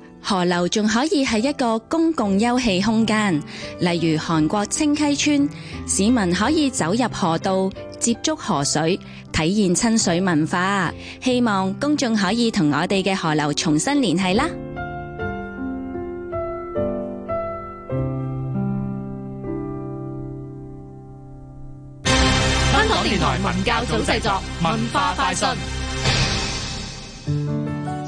Speaker 4: 河流仲可以係一個公共休憩空間，例如韓國清溪村，市民可以走入河道，接觸河水，體驗親水文化。希望公眾可以同我哋嘅河流重新聯繫啦！
Speaker 2: 香港電台文教組製作，文化快
Speaker 1: 訊。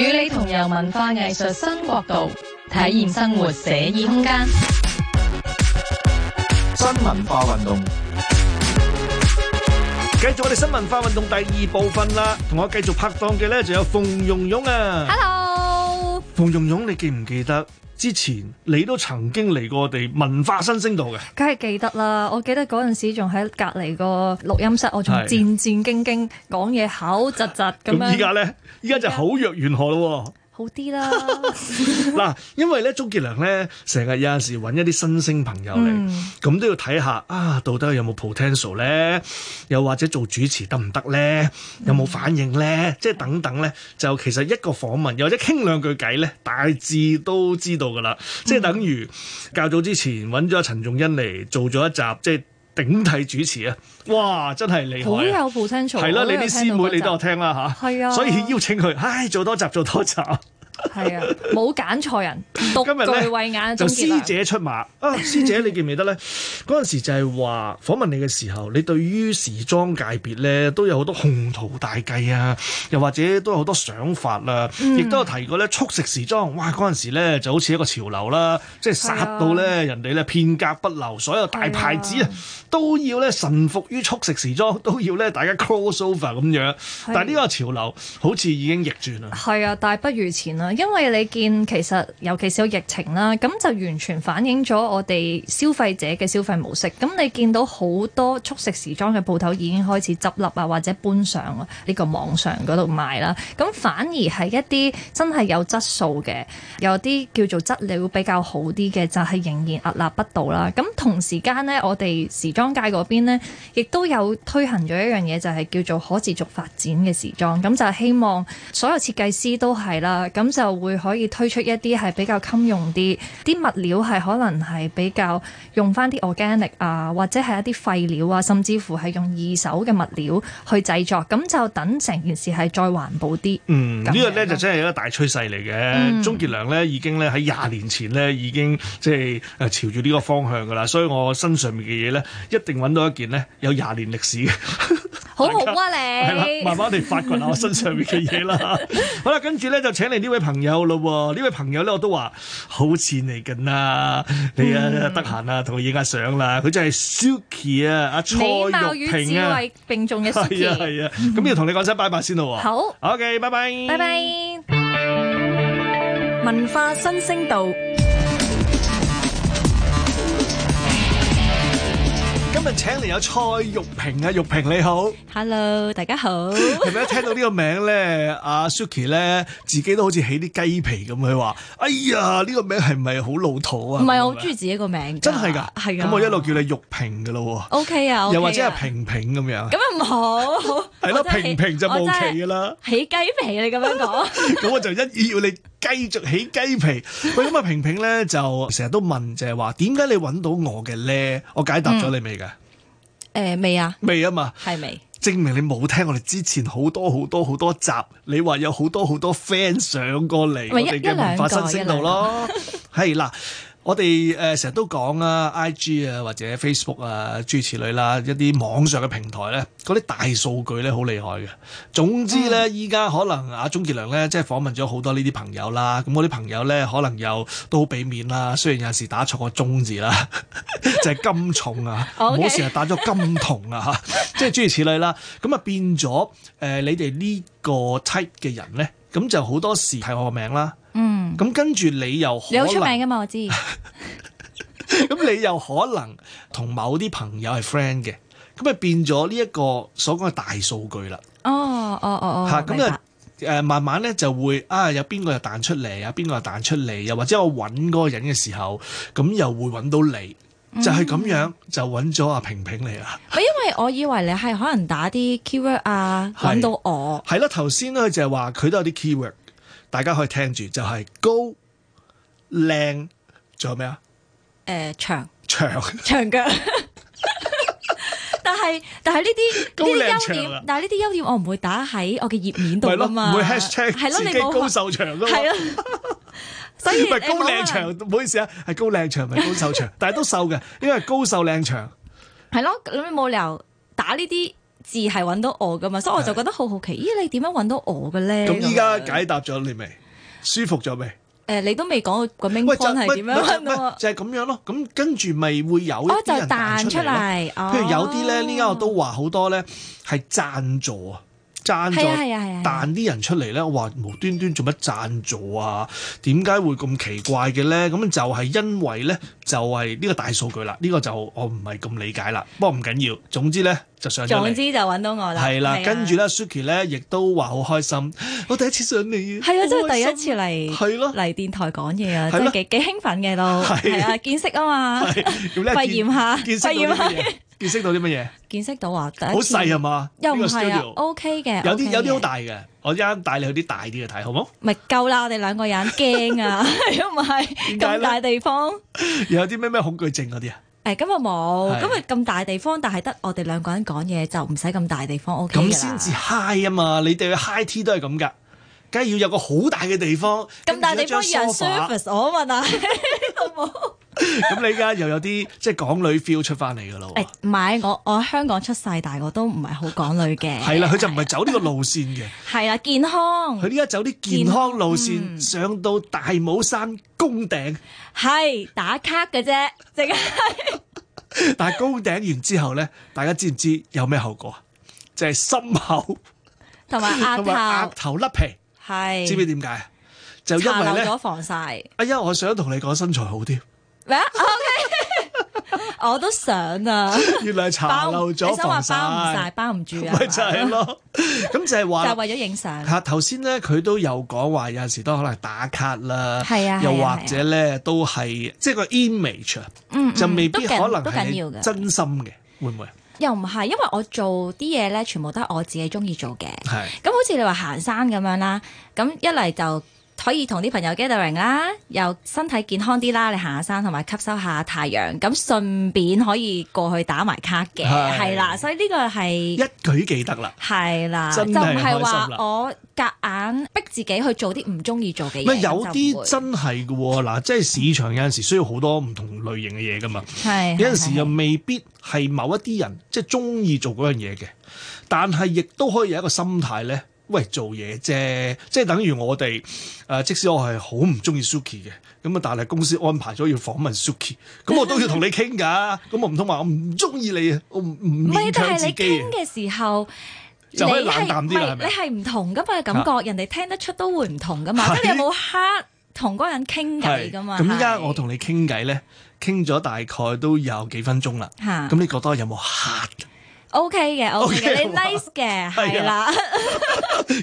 Speaker 3: 與你同遊文化藝術新國
Speaker 6: 度，體驗生活寫意空間。新文化運動，
Speaker 3: 繼續我哋
Speaker 6: 新文化運動第二部分啦。同我繼續拍檔嘅咧，就有馮榕榕啊。Hello，馮榕榕，你記唔記得？之前你都曾經嚟過我哋文化新星道嘅，
Speaker 5: 梗係記得啦。我記得嗰陣時仲喺隔離個錄音室，我仲戰戰兢兢講嘢，的口窒窒咁樣。咁依家
Speaker 6: 咧，依家就口若懸河咯。好啲啦，嗱， 因為咧，鍾傑良咧成日有陣時揾一啲新星朋友
Speaker 2: 嚟，
Speaker 6: 咁、嗯、都要睇下啊，到底有冇 potential 咧？又或者做主持得唔得咧？有冇反應咧？嗯、即係等等咧，就其實一個訪問，又或者傾兩句偈咧，大致都知道噶啦。嗯、即係等於較早之前揾咗陳仲恩嚟做咗一集，即係。頂替主持啊！哇，真係厲害，啊，好有父親
Speaker 5: 才，係啦，啊，你啲師妹你都有聽
Speaker 6: 啦吓！係啊，啊所以邀請佢，唉，做多集做多集。
Speaker 5: 係 啊，冇揀錯人，獨具慧眼就師姐
Speaker 6: 出馬啊！師姐你記唔記得呢？嗰陣 時就係話訪問你嘅時候，你對於時裝界別呢都有好多宏圖大計啊，又或者都有好多想法啊。亦、嗯、都有提過呢，速食時裝。哇！嗰陣時咧就好似一個潮流啦，即係殺到呢人哋呢片甲不留，啊、所有大牌子啊都要呢臣服於速食時裝，都要呢大家 cross over 咁樣。但係呢個潮流好似已經逆轉啦，
Speaker 5: 係啊，大不如前啦，啊。因為你見其實尤其是有疫情啦，咁就完全反映咗我哋消費者嘅消費模式。咁你見到好多速食時裝嘅鋪頭已經開始執笠啊，或者搬上呢個網上嗰度賣啦。咁反而係一啲真係有質素嘅，有啲叫做質料比較好啲嘅，就係、是、仍然屹立不倒啦。咁同時間呢，我哋時裝界嗰邊呢，亦都有推行咗一樣嘢，就係、是、叫做可持續發展嘅時裝。咁就希望所有設計師都係啦。咁就會可以推出一啲係比較襟用啲。啲物料係可能係比較用翻啲 organic 啊，或者係一啲廢料啊，甚至乎係用二手嘅物料去製作，咁就等成件事係再環保啲。嗯，
Speaker 6: 嗯，這個、呢個咧就真係一個大趨勢嚟嘅。鍾、嗯、傑良咧已經咧喺廿年前咧已經即係朝住呢個方向噶啦，所以我身上面嘅嘢咧一定揾到一件咧有廿年歷史嘅。
Speaker 5: 好好啊，你，係啦，慢慢哋
Speaker 6: 發掘下我身上面嘅嘢啦。 好啦，跟住咧就請嚟呢位朋友咯喎，呢位朋友咧我都話好似嚟咁啊，你啊得閒啊同佢影下相啦。佢就係 Suki 啊，阿蔡玉萍啊，美貌與智
Speaker 5: 慧並重嘅 Suki，係啊係
Speaker 6: 啊，咁 要同你講聲拜拜先咯喎。好，OK，拜拜，拜
Speaker 3: 拜 bye，文化新星道。
Speaker 6: 今日請嚟有蔡玉萍啊，玉萍你好
Speaker 3: ，Hello，大家好。
Speaker 6: 係咪一聽到呢個名咧，阿 Suki 咧自己都好似起啲雞皮咁？佢話，哎呀，呢個名係咪好老土啊？唔係，我好中
Speaker 3: 意自己個名，真係噶，係咁我一
Speaker 6: 路叫你玉萍噶啦。O K 啊，又或者係平平咁樣，咁
Speaker 3: 又唔好，係咯，平平就冇奇噶啦，起雞皮你咁樣講，
Speaker 6: 咁我就一意要你。繼續起雞皮，喂！咁啊，平平咧就成日都問，就係話點解你揾到我嘅咧？我解答咗你未㗎？誒、嗯呃，
Speaker 3: 未啊，未啊吧嘛，係未？
Speaker 6: 證明你冇聽我哋之前好多好多好多集，你話有好多好多 friend 上過嚟我哋嘅文化新星度咯，係嗱。 我哋誒成日都講啊，IG 啊或者 Facebook 啊諸如此類啦，一啲網上嘅平台咧，嗰啲大數據咧好厲害嘅。總之咧，依家、嗯、可能阿鍾、啊、傑良咧，即係訪問咗好多呢啲朋友啦。咁我啲朋友咧，可能又都好俾面啦。雖然有陣時打錯個「重」字啦，就係金重啊，唔好成日打咗金銅啊嚇。 即係諸如此類啦。咁啊變咗誒、呃，你哋呢個 type 嘅人咧，咁就好多時睇我個名啦。啊啊嗯，咁跟住你又你好出名噶嘛？我知，咁 你又可能同某啲朋友係 friend 嘅，咁啊變咗呢一個所講嘅大數據啦、哦。
Speaker 3: 哦哦哦，吓咁啊，
Speaker 6: 誒白，就慢慢咧就會啊，有邊個又彈出嚟啊，邊個又彈出嚟，又或者我揾嗰個人嘅時候，咁又會揾到你，
Speaker 3: 就係、是、咁樣
Speaker 6: 就揾咗阿平平嚟啊。
Speaker 3: 唔、嗯、 因為我以為你係可能打啲 keyword 啊，揾
Speaker 6: 是到我係咯，頭先咧就係話佢都有啲 keyword。大家可以聽住，就係
Speaker 3: 高、靚，仲有咩啊？誒，長長長腳。但係但係呢啲呢啲優點，但係呢啲優點我唔會打喺我嘅頁面度噶嘛。唔會 hashtag 自己高瘦長噶嘛。係咯，所以唔係高靚長，唔
Speaker 6: 好意思啊，係高靚長，唔係高瘦長，但係都瘦嘅，因為高瘦靚長。
Speaker 3: 係咯，咁你冇理由打呢啲。字係揾到我噶嘛，所以我就覺得好好奇，的咦，你點樣揾到我嘅咧？咁依家
Speaker 6: 解答咗你未？舒服咗未？
Speaker 3: 誒、呃，你都未講個名，真係點樣？就係咁樣，
Speaker 6: 就是，樣咯，咁跟住咪會有就啲彈出嚟。譬如有啲咧，呢家我都話好多咧，係贊助啊。贊助，但啲人出嚟咧，話無端端做乜贊助啊？點解會咁奇怪嘅咧？咁就係因為咧，就係呢個大數據啦。呢個就我唔係咁理解啦。不過唔緊要，總之咧就上咗嚟。總
Speaker 3: 之就揾到我啦。係啦，跟住
Speaker 6: 咧，Suki 咧亦都話好開心。我第一次上嚟，係啊，真係第一次
Speaker 3: 嚟，係咯，嚟電台講嘢啊，真係幾幾興奮嘅咯。係啊，見識啊嘛，驗下，驗下。見識到啲乜嘢？見識到啊，好細係嘛？
Speaker 6: 又唔係啊
Speaker 3: ？O K 嘅，有啲有啲好
Speaker 6: 大嘅，我一陣帶你去啲大啲嘅睇，好唔好？
Speaker 3: 咪夠啦，我哋兩個人驚啊，又唔係咁大地方。
Speaker 6: 有啲咩咩恐懼症嗰啲啊？
Speaker 3: 誒，咁啊冇，咁啊咁大地方，但係得我哋兩個人講嘢就唔使咁大地方，O K 嘅。咁先至
Speaker 6: high 啊嘛，你哋去 high tea 都係咁噶，梗係要有個好大嘅地方。咁大地方要人 Surface 我問啊，好唔咁你而家又有啲即係港女 feel 出翻嚟噶啦？
Speaker 3: 誒，唔係，我我香港出世，但係我都唔係好港女嘅。係啦，佢
Speaker 6: 就唔係走呢個路線嘅。
Speaker 3: 係啦，健康。佢而家
Speaker 6: 走啲健康路線，上到
Speaker 3: 大帽山攻頂，係打卡嘅啫，淨係。
Speaker 6: 但係攻頂完之後咧，大家知唔知有咩後果啊？就係心口
Speaker 3: 同埋額頭，額頭甩皮，係知唔知點
Speaker 6: 解？就因為咧，防曬。哎呀，我想同你講身材好啲。
Speaker 3: 咩 OK，我都想啊。原
Speaker 6: 來殘留咗防曬，包唔曬，
Speaker 3: 包唔住啊。咪就係咯，
Speaker 6: 咁就係話，就
Speaker 3: 為咗影相。吓，
Speaker 6: 頭先咧佢都有講話，有陣時都可能打卡啦，係啊，又或者咧都係，即係個 image 啊，就未必可能都緊要係真心嘅，會唔會？
Speaker 3: 又唔係，因為我做啲嘢咧，全部都係我自己中意做嘅。係，咁好似你話行山咁樣啦，咁一嚟就。可以同啲朋友 get 到零啦，又身體健康啲啦，你行下山同埋吸收下太陽，咁順便可以過去打埋卡嘅，係啦的，所以呢個係一
Speaker 6: 舉幾得啦，
Speaker 3: 係啦的，就唔係話我夾硬逼自己去做啲唔中意做嘅嘢，有啲
Speaker 6: 真係嘅喎，嗱，即係市場有陣時需要好多唔同類型嘅嘢噶嘛，的的有陣時又未必係某一啲人即係中意做嗰樣嘢嘅，但係亦都可以有一個心態咧。喂，做嘢啫，即係等於我哋，誒、呃，即使我係好唔中意 Suki 嘅，咁啊，但係公司安排咗要訪問 Suki，咁我都要同你傾噶，咁 我唔通話我唔中意你啊，我唔唔勉強自己。唔係，但係你傾
Speaker 3: 嘅時候，就可以冷淡啲，係咪？你係唔吧同噶嘛感覺，啊、人哋聽得出都會唔同噶嘛，咁你是有冇黑同嗰個人傾偈噶嘛？咁依家
Speaker 6: 我同你傾偈咧，傾咗大概都有幾分鐘啦，咁你覺得有冇黑？
Speaker 3: O K 嘅，O K 嘅，你 nice 嘅，係啦。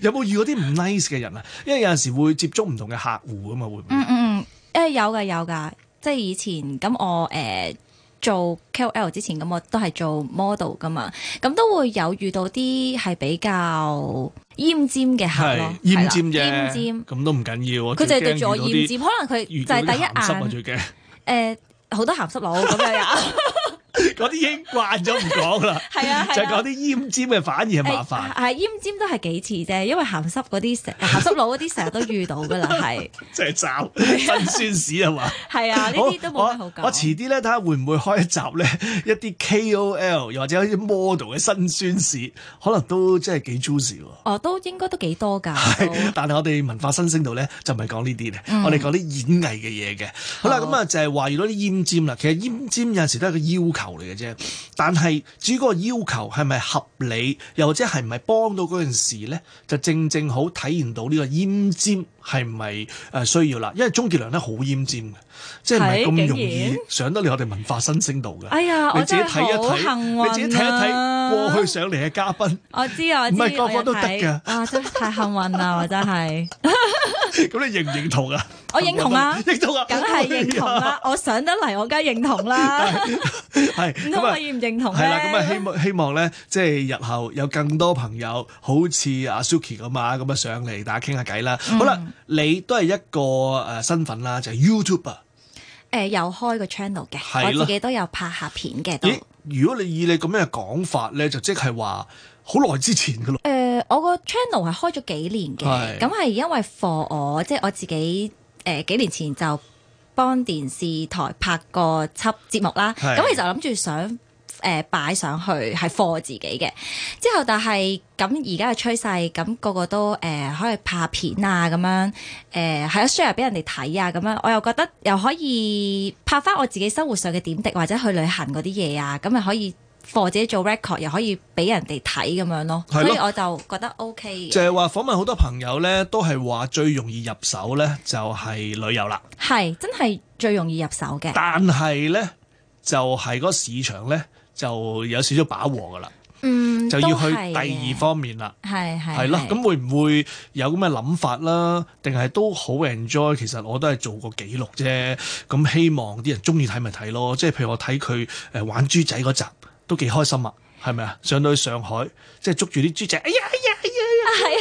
Speaker 6: 有冇遇過啲唔 nice 嘅人啊？因為有陣時會接觸唔同嘅客戶啊嘛，會
Speaker 3: 唔會？嗯嗯，誒，有噶有噶，即係以前咁我誒做 K O L 之前咁我都係做 model 噶嘛，咁都會有遇到啲係比較閹尖嘅客咯，閹尖啫，閹尖，
Speaker 6: 咁都唔緊要啊。佢就係對住我閹尖，可能
Speaker 3: 佢就係第一眼濕啊最驚。誒，好多鹹濕佬咁樣有。
Speaker 6: 嗰啲已經慣咗唔講啦，就係講啲奄尖嘅反而麻煩。
Speaker 3: 係奄、哎、尖都係幾次啫，因為鹹濕嗰啲、鹹濕佬嗰啲成日都遇到㗎啦，係。即
Speaker 6: 係 找辛酸史係嘛？係 啊，呢啲都冇乜好講。我遲啲咧睇下會唔會開一集咧，一啲 KOL 又或者一啲 model 嘅辛酸史，可能都真係幾 juicy 喎。
Speaker 3: 哦，都應該都幾多㗎
Speaker 6: 都。但係我哋文化新星道咧就唔係講呢啲咧，嗯、我哋講啲演藝嘅嘢嘅。好啦，咁啊、嗯、就係話遇到啲奄尖啦，其實奄尖有陣時都係一個要求。嚟嘅啫，但係至於嗰個要求係咪合理，又或者係唔係幫到嗰件事咧，就正正好體驗到呢個奄尖係唔係誒需要啦。因為鍾傑良咧好奄尖嘅。
Speaker 2: 即係唔係咁容易
Speaker 6: 上得嚟我哋文化新星度嘅，哎呀，你自己睇一睇，你自己睇一睇過去上嚟嘅嘉賓，
Speaker 3: 我知啊，唔係個個都得噶，啊，真係太幸運啦，我真係。
Speaker 6: 咁你認唔認同啊？
Speaker 3: 我認同啊，認同啊，梗係認同啦。我上得嚟，我梗係認同啦。
Speaker 6: 係，唔通可以唔
Speaker 3: 認同咧？係啦，咁啊，希
Speaker 6: 望希望咧，即係日後有更多朋友好似阿 Suki 咁啊，咁啊上嚟大家傾下偈啦。好啦，你都係一個誒身份啦，就係 YouTuber 啊。
Speaker 3: 誒、呃、有開個 channel 嘅，的我自己都有拍下片嘅。
Speaker 6: 咦？如果你以你咁樣嘅講法咧，就即係話好耐之前噶咯。
Speaker 3: 誒、呃，我個 channel 係開咗幾年嘅，咁係的因為 for 我，即、就、係、是、我自己誒、呃、幾年前就幫電視台拍過輯節目啦，咁的其實諗住想。誒，擺上去係 for 自己嘅。之後但係咁而家嘅趨勢，咁個個都誒、呃、可以拍片啊，咁樣誒喺 share 俾人哋睇啊，咁樣我又覺得又可以拍翻我自己生活上嘅點滴，或者去旅行嗰啲嘢啊，咁咪可以 for 自己做 record，又可以俾人哋睇咁樣咯，的所以我就覺得 OK。就係
Speaker 6: 話訪問好多朋友咧，都係話最容易入手咧，就係旅遊啦，
Speaker 3: 係真係最容易入手嘅。但
Speaker 6: 係咧，就係、是、個市場咧。就有少少把握噶啦，嗯、
Speaker 3: 就要去第二
Speaker 6: 方面啦，
Speaker 3: 係係係咯。咁
Speaker 6: 會唔會有咁嘅諗法啦？定係都好 enjoy？其實我都係做個記錄啫。咁希望啲人中意睇咪睇咯。即係譬如我睇佢誒玩豬仔嗰集，都幾開心啊，係咪啊？上到去上海，即係捉住啲豬仔，
Speaker 3: 哎呀哎呀哎呀！係、呀、咪、哎、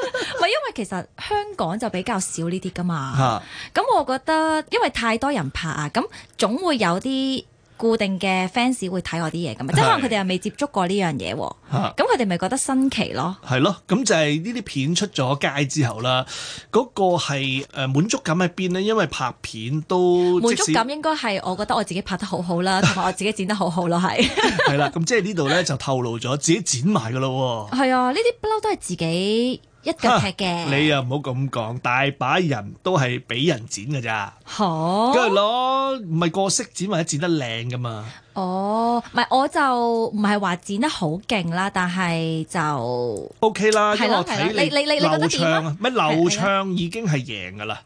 Speaker 3: 是的 因為其實香港就比較少呢啲噶嘛？咁、啊、我覺得因為太多人拍啊，咁總會有啲。固定嘅 fans 會睇我啲嘢咁嘛，即係是可能佢哋又未接觸過呢樣嘢喎，咁佢哋咪覺得新奇咯？
Speaker 6: 係咯，咁就係呢啲片出咗街之後啦，嗰、那個係誒、呃、滿足感喺邊咧？因為拍片都滿足感
Speaker 3: 應該係我覺得我自己拍得好好啦，同埋 我自己剪得好好咯，係。
Speaker 6: 係啦，咁即係呢度咧就透露咗自己剪埋噶咯喎。
Speaker 3: 係啊， 呢啲不嬲都係自己。一腳踢嘅，
Speaker 6: 你又唔好咁講，大把人都係俾人剪㗎咋，跟住攞唔係個色剪或者剪得靚㗎嘛。
Speaker 3: 哦，唔係我就唔係話剪得好勁啦，但係就
Speaker 6: OK 啦，睇我睇你。你你你你覺得點啊？咩流暢已經係贏噶啦，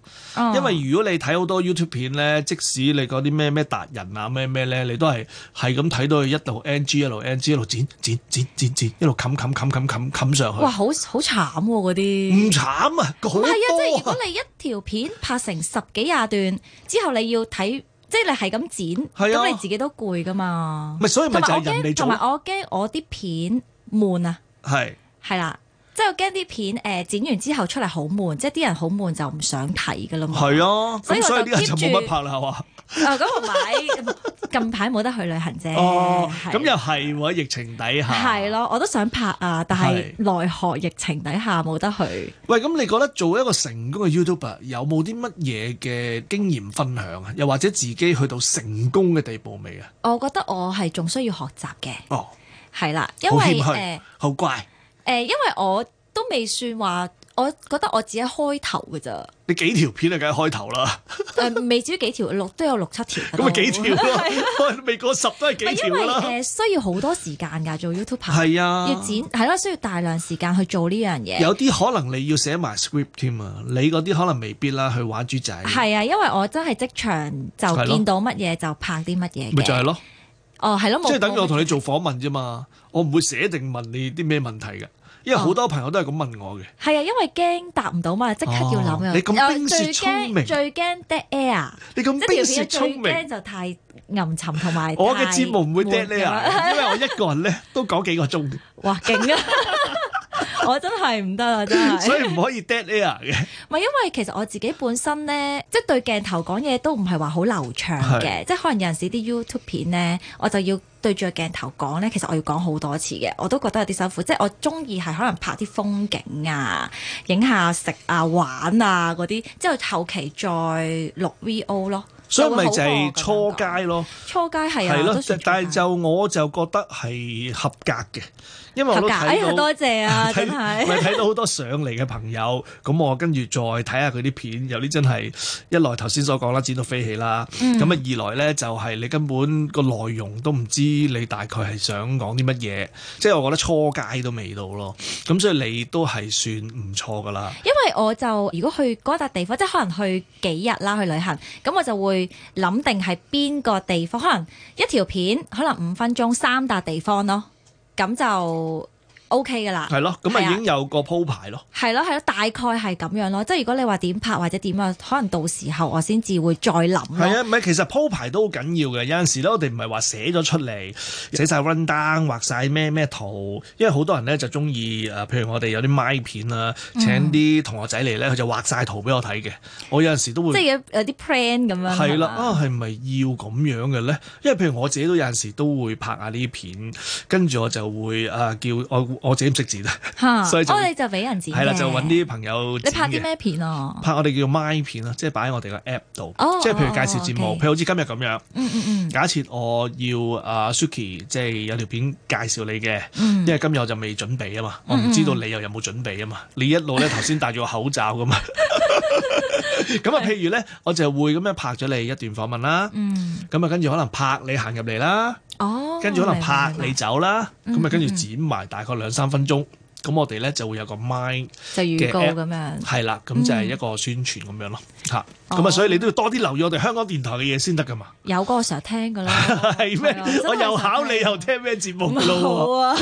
Speaker 6: 因為如果你睇好多 YouTube 片咧，即使你嗰啲咩咩達人啊咩咩咧，你都係係咁睇到佢一路 NG 一路 NG 一路剪剪剪剪剪，一路冚冚冚冚冚上
Speaker 3: 去。哇，好好慘喎嗰啲。唔慘啊，咁唔係啊，即係如果你一條片拍成十幾廿段之後，你要睇。即係你係咁剪，咁、啊、你自己都攰噶嘛。唔係，所以唔係我驚未同埋我驚我啲片悶啊。
Speaker 6: 係是，
Speaker 3: 係啦、啊。即係我驚啲片誒，剪完之後出嚟好悶，即係啲人好悶就唔想睇噶啦嘛。係
Speaker 6: 啊，所以啲人就冇乜拍啦，係嘛。
Speaker 3: 啊，咁咪，近排冇得去旅行啫。哦，咁
Speaker 6: 又係喎，疫情底下。
Speaker 3: 係咯，我都想拍啊，但係奈何疫情底下冇得去。
Speaker 6: 喂，咁你覺得做一個成功嘅 YouTuber 有冇啲乜嘢嘅經驗分享啊？又或者自己去到成功嘅地步未啊？
Speaker 3: 我覺得我係仲需要學習嘅。哦，係啦，因為誒，
Speaker 6: 好乖。
Speaker 3: 誒、呃，因為我都未算話，我覺得我自己開頭噶咋？
Speaker 6: 你幾條片啊？梗係開頭啦。
Speaker 3: 誒、 呃，未至於幾條，六都有六七條。咁咪幾條
Speaker 6: 咯？未過十
Speaker 3: 都係幾條。因為誒、呃，需要好多時間噶做 YouTuber。係啊，要剪係咯、啊，需要大量時間去做呢樣嘢。有
Speaker 6: 啲可能你要寫埋 script 添啊，你嗰啲可能未必啦，去玩豬仔。係
Speaker 3: 啊，因為我真係即場就見到乜嘢就拍啲乜嘢。咪就係咯。哦，係咯，即係等於我同你
Speaker 6: 做訪問啫嘛，我唔會寫定問你啲咩問題嘅，因為好多朋友都係咁問我嘅。
Speaker 3: 係啊，因為驚答唔到嘛，即刻要諗。你咁冰雪聰明，最驚 dead air。你咁冰雪聰明就太吟沉同埋。我嘅節目唔會 dead air，因
Speaker 6: 為我一個人咧都講幾個鐘。
Speaker 3: 哇，勁啊！我真係唔得啦，真係，所以
Speaker 6: 唔可以 dead air 嘅。
Speaker 3: 唔係，因為其實我自己本身咧，即係對鏡頭講嘢都唔係話好流暢嘅，是即係可能有陣時啲 YouTube 片咧，我就要對住鏡頭講咧，其實我要講好多次嘅，我都覺得有啲辛苦。即係我中意係可能拍啲風景啊、影下食啊、玩啊嗰啲，之後後期再錄 VO 咯。所以咪就係
Speaker 6: 初階咯，
Speaker 3: 初階係啊，係咯啦，
Speaker 6: 但係就我就覺得係合格嘅。因為我睇，哎，多
Speaker 3: 謝啊，真係！我
Speaker 6: 睇到好多上嚟嘅朋友，咁我跟住再睇下佢啲片。有啲真係一來頭先所講啦，剪到飛起啦，咁啊、嗯、二來呢，就係、是、你根本個內容都唔知你大概係想講啲乜嘢，即、就、係、是、我覺得初階都未到咯。咁所以你都係算唔錯㗎啦。
Speaker 3: 因為我就如果去嗰笪地方，即係可能去幾日啦，去旅行，咁我就會諗定係邊個地方，可能一條片可能五分鐘三笪地方咯。咁就。O.K. 噶啦，係咯，咁啊已經
Speaker 6: 有個鋪排咯，
Speaker 3: 係咯係咯，大概係咁樣咯，即係如果你話點拍或者點啊，可能到時候我先至會再諗。係
Speaker 6: 啊，唔係其實鋪排都好緊要嘅，有陣時咧我哋唔係話寫咗出嚟，寫晒 run down，畫晒咩咩圖，因為好多人咧就中意誒，譬如我哋、嗯、有啲麥片啊，請啲同學仔嚟咧，佢就畫晒圖俾我睇嘅，我有陣時都會即係
Speaker 3: 有啲 plan 咁樣，係啦
Speaker 6: 啊係咪要咁樣嘅咧？因為譬如我自己都有陣時都會拍下呢啲片，跟住我就會啊，啊叫我。啊啊啊啊啊啊啊啊我自己唔識字，啊，
Speaker 3: 所以你就俾人剪，係啦，就揾啲
Speaker 6: 朋友。你拍啲咩
Speaker 3: 片哦？
Speaker 6: 拍我哋叫 My 片咯，即係擺喺我哋個 App 度。Oh，即係譬如介紹節目，okay. 譬如好似今日咁樣。Mm hmm. 假設我要啊 Suki，即係有條片介紹你嘅，mm hmm. 因為今日我就未準備啊嘛，我唔知道你又有冇準備啊嘛。Mm hmm. 你一路咧頭先戴住個口罩咁啊。 咁啊，譬、嗯、如咧，我就會咁樣拍咗你一段訪問啦。嗯，咁啊，跟住可能拍你行入嚟啦。
Speaker 2: 哦，跟住可能拍你
Speaker 6: 走啦。咁啊、哦，跟住、嗯、剪埋大概兩三分鐘，咁、嗯嗯、我哋咧就會有個麥
Speaker 2: 嘅 app 咁樣。係
Speaker 6: 啦，咁就係一個宣傳咁樣咯，吓、嗯。咁啊，所以你都要多啲留意我哋香港電台嘅嘢，先得噶嘛？
Speaker 3: 有嗰個時候聽噶啦，
Speaker 6: 係咩 嗎？啊、我又考你又聽咩節目噶咯？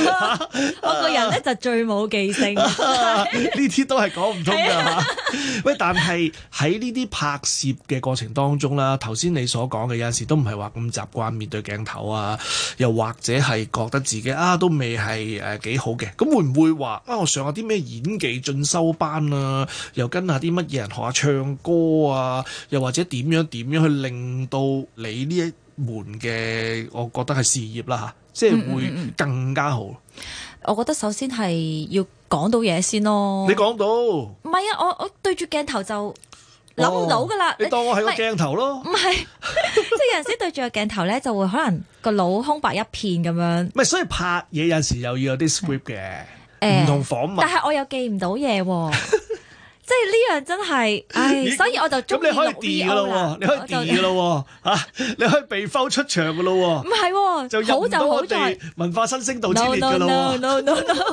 Speaker 6: 我個人咧
Speaker 3: 就最冇記性，
Speaker 6: 呢啲、啊、 都係講唔通噶嘛？喂， 但係喺呢啲拍攝嘅過程當中啦，頭先你所講嘅有陣時都唔係話咁習慣面對鏡頭啊，又或者係覺得自己啊都未係誒幾好嘅，咁會唔會話啊我上下啲咩演技進修班啊，又跟下啲乜嘢人學下唱歌啊？又或者點樣點樣去令到你呢一門嘅，我覺得係事業啦吓，即係會更加好。
Speaker 3: 我覺得首先係要講到嘢先咯。你講到，唔係啊，我我對住鏡頭就
Speaker 6: 諗唔到噶啦、哦。你當我係個鏡頭咯，
Speaker 3: 唔係，即係 有陣時對住個鏡頭咧，就會可能個腦空白一片咁樣。唔係，所以拍
Speaker 6: 嘢有陣時又要有啲 script 嘅，唔的、欸、同訪問。但係我
Speaker 3: 又記唔到嘢。 即係呢樣真係，所以我就中意錄啲咯喎，你可以
Speaker 6: delete 咯喎，嚇你可以被否出場嘅咯喎，唔
Speaker 3: 係就入到我哋
Speaker 6: 文化新星道之列嘅咯喎，no
Speaker 3: no no no no no，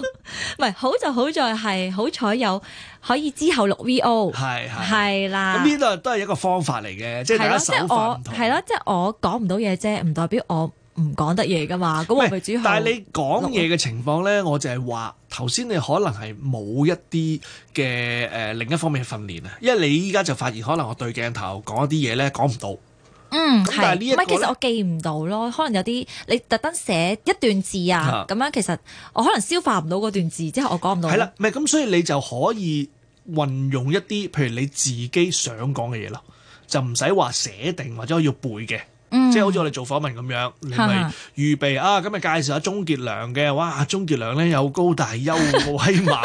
Speaker 3: 唔係好，就好在係好彩有可以之後錄 VO，係係啦，咁呢度
Speaker 6: 都係一個方法嚟嘅，即係大家少煩惱。
Speaker 3: 係咯，即係我講唔到嘢啫，唔代表我。唔講得嘢噶嘛？咁我咪主要。但係你講嘢
Speaker 6: 嘅情況咧，我就係話頭先你可能係冇一啲嘅誒，另一方面嘅訓練啊，因為你依家就發現可能我對鏡頭講一啲嘢咧，講唔到。
Speaker 3: 嗯，係。唔係，其實我記唔到咯，可能有啲你特登寫一段字啊，咁樣其實我可能消化唔到嗰段字，之後我講唔到。係啦，
Speaker 6: 唔係咁，所以你就可以運用一啲，譬如你自己想講嘅嘢咯，就唔使話寫定或者要背嘅。嗯、即係好似我哋做訪問咁樣，你咪預備的啊！今日介紹下鍾傑良嘅，哇！鍾傑良咧有高大優，好威猛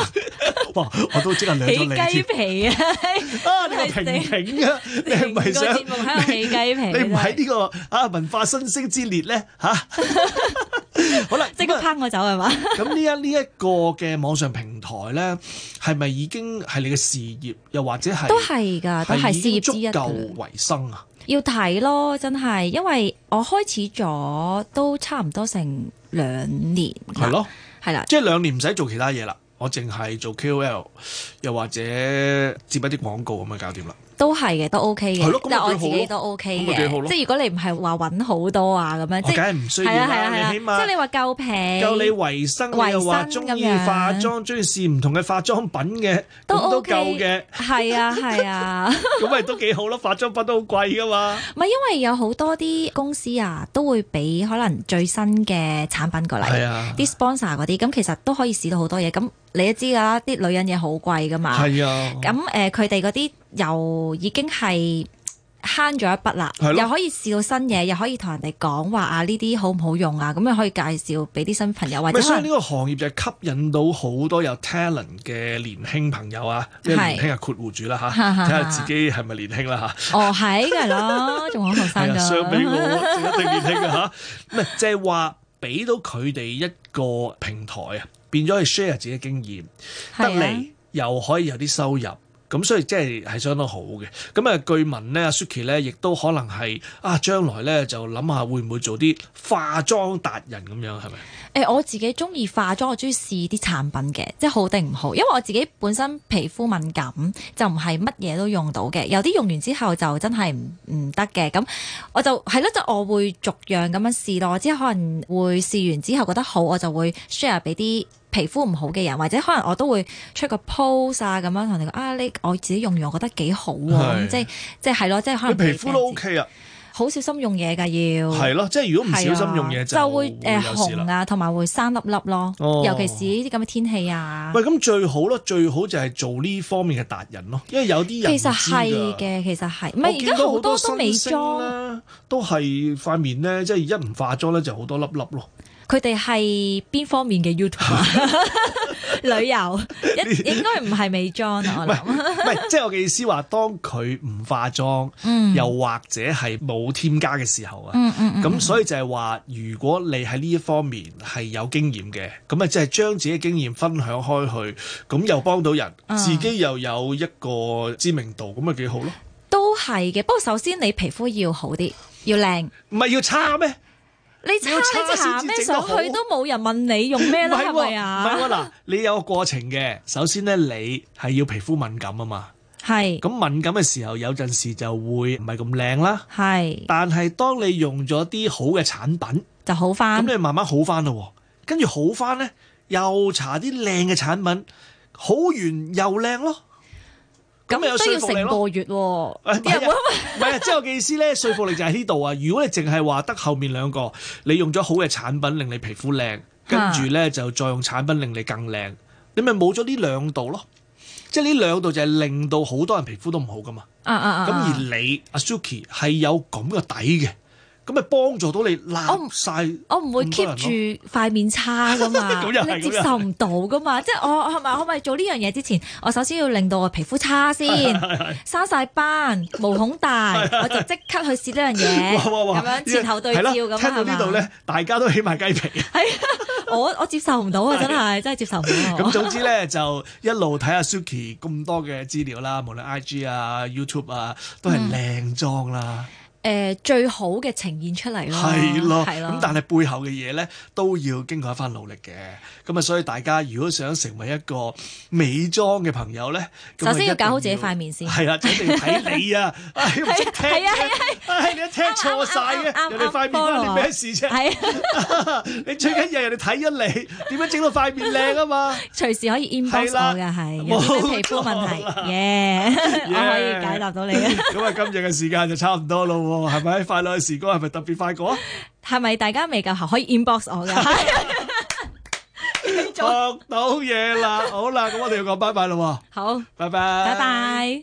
Speaker 6: 我都即能兩條脷起雞
Speaker 3: 皮啊！你、啊這個平平啊！整整
Speaker 6: 個節目你唔係想呢皮、就是？你唔喺呢個啊文化新星之列咧吓，
Speaker 3: 好啦，即刻拋我走係嘛？
Speaker 6: 咁呢一呢一個嘅網上平台咧，係咪已經係你嘅事業，又或者係都係
Speaker 3: 噶，都係事業之一，已經足
Speaker 6: 夠為生啊？
Speaker 3: 要睇咯，真係，因為我開始咗都差唔多成兩年，係咯，係啦
Speaker 6: 的，即係兩年唔使做其他嘢啦，我淨係做 KOL 又或者接一啲廣告咁咪搞掂啦。
Speaker 3: 都係嘅，都 OK 嘅。但我自己都 OK 嘅，即係如果你唔係話揾好多啊咁樣，即梗係唔需要啊。你起碼即係你話夠平，夠你維生，又話中意化
Speaker 6: 妝，中意試唔同嘅化妝品嘅，都夠嘅。
Speaker 3: 係啊，係啊，
Speaker 6: 咁咪都幾好咯。化妝品都好貴噶嘛。
Speaker 3: 唔係因為有好多啲公司啊，都會俾可能最新嘅產品過嚟。係啊，啲 sponsor 嗰啲，咁其實都可以試到好多嘢。咁你都知噶啦，啲女人嘢好貴噶嘛。係啊。咁誒，佢哋嗰啲又已經係慳咗一筆啦，啊，又可以試到新嘢，又可以同人哋講話啊，呢啲好唔好用啊？咁又可以介紹俾啲新朋友。或者。所以呢
Speaker 6: 個行業就吸引到好多有 talent 嘅年輕朋友啊，即係年輕啊括弧住啦吓，睇下，啊啊，自己係咪年輕啦吓。
Speaker 3: 哦，係噶咯，仲好後生。相比我，自己一定年輕
Speaker 6: 啊吓。咪即係話。俾到佢哋一個平台啊，變咗去 share 自己嘅經驗，得嚟，又可以有啲收入。咁所以即係係相當好嘅。咁啊，據聞咧，Suki 咧亦都可能係啊，將來呢，就諗下會唔會做啲化妝達人咁樣，係咪？
Speaker 3: 誒、欸，我自己中意化妝，我中意試啲產品嘅，即係好定唔好，因為我自己本身皮膚敏感，就唔係乜嘢都用到嘅。有啲用完之後就真係唔唔得嘅。咁我就係咯，就我會逐樣咁樣試咯。之後可能會試完之後覺得好，我就會 share 俾啲。皮膚唔好嘅人，或者可能我都會出個 pose 啊，咁樣同你講啊，你我自己用完我覺得幾好喎、啊的，即係即係係咯，即係可能，皮膚都 OK 啊，好小心用嘢㗎要。係咯，即係如果唔小心用嘢的就會誒紅啊，同埋會生粒粒咯，哦、尤其是呢啲咁嘅天氣啊。喂，咁
Speaker 6: 最好咯，最好就係做呢方面嘅達人咯，因為有啲人其實係
Speaker 3: 嘅，其實係。唔係，而家好多都未妝
Speaker 6: 都係塊面咧，即係一唔化妝咧，就好多粒粒咯。
Speaker 3: 佢哋係邊方面嘅 YouTube？ 旅遊一你 應該唔係美妝，我諗唔係，
Speaker 6: 即係我嘅意思話，當佢唔化妝，又或者係冇添加嘅時候啊，咁、嗯嗯嗯、所以就係話，如果你喺呢一方面係有經驗嘅，咁啊，即係將自己嘅經驗分享開去，咁又幫到人，嗯、自己又有一個知名度，咁咪幾好咯，
Speaker 3: 都係嘅。不過首先你皮膚要好啲，要靚，唔
Speaker 6: 係要差咩？你搽下咩上去都
Speaker 3: 冇人問你用咩啦，係咪啊？嗱，
Speaker 6: 你有個過程嘅，首先咧你係要皮膚敏感啊嘛。係是。咁敏感嘅時候，有陣時就會唔係咁靚啦。係是。但係當你用咗啲好嘅產品，就好翻。咁你慢慢好翻咯，跟住好翻咧，又搽啲靚嘅產品，好完又靚咯。
Speaker 4: 咁咪有說服力咯，成個月喎，唔
Speaker 6: 係？唔係啊！即係我嘅意思咧，說服力就係呢度啊！如果你淨係話得後面兩個，你用咗好嘅產品令你皮膚靚，跟住咧就再用產品令你更靚，你咪冇咗呢兩度咯。即係呢兩度就係令到好多人皮膚都唔好噶嘛。
Speaker 2: 咁、啊啊啊啊、而
Speaker 6: 你阿 Suki 係有咁嘅底嘅。咁咪幫助到你爛曬，我
Speaker 3: 唔會 keep 住塊面差噶嘛，你接受唔到噶嘛？即係我係咪我咪做呢樣嘢之前，我首先要令到我皮膚差先，生晒斑、毛孔大，我就即刻去試呢樣嘢，咁樣前後對照咁啊！咁聽到呢度咧，
Speaker 6: 大家都起埋雞皮，係啊，
Speaker 3: 我我接受唔到啊！真係真係接受唔到。咁
Speaker 6: 總之咧，就一路睇下 Suki 咁多嘅資料啦，無論 IG 啊、YouTube 啊，都係靚妝啦。
Speaker 3: 誒，最好嘅呈現出嚟咯，係咯，咁但
Speaker 6: 係背後嘅嘢咧都要經過一番努力嘅，咁啊，所以大家如果想成為一個美妝嘅朋友咧，首先要搞好自己
Speaker 3: 塊面先，係啊，一定要睇你啊，啊
Speaker 6: 要
Speaker 3: 啊！睇，啊你一睇錯曬嘅，人哋塊面關你咩事啫？係，
Speaker 6: 你最緊要人哋睇咗你點樣整到塊面靚啊
Speaker 3: 嘛，隨時可以 inbox 嘅係，冇皮膚問題嘅，我可
Speaker 6: 以解答到你。咁啊，今日嘅時間就差唔多咯喎。係咪快樂嘅時光係咪特別快過？
Speaker 3: 係咪大家未夠喉可以 inbox 我㗎？
Speaker 6: 學到嘢啦，好啦，咁我哋
Speaker 2: 要講拜拜咯。好，拜拜，拜拜。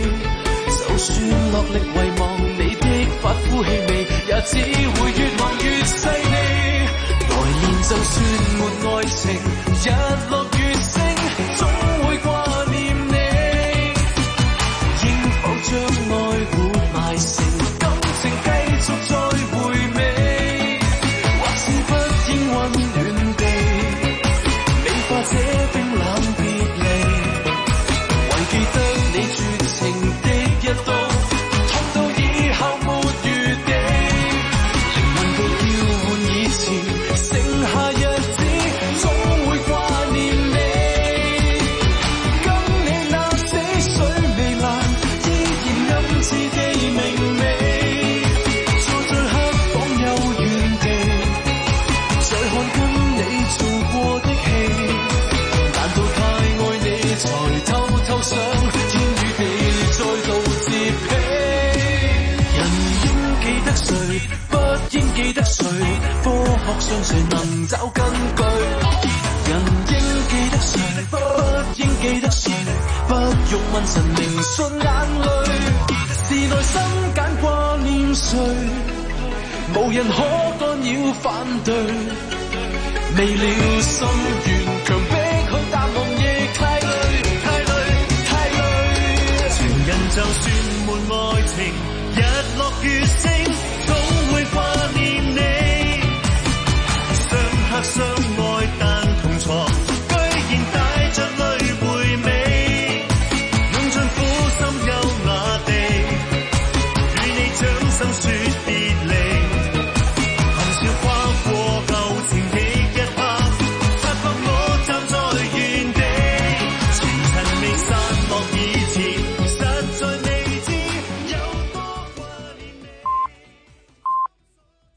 Speaker 2: 算落力遺忘你的髮膚氣味，也只會越望越細膩。來年就算沒愛情，日落。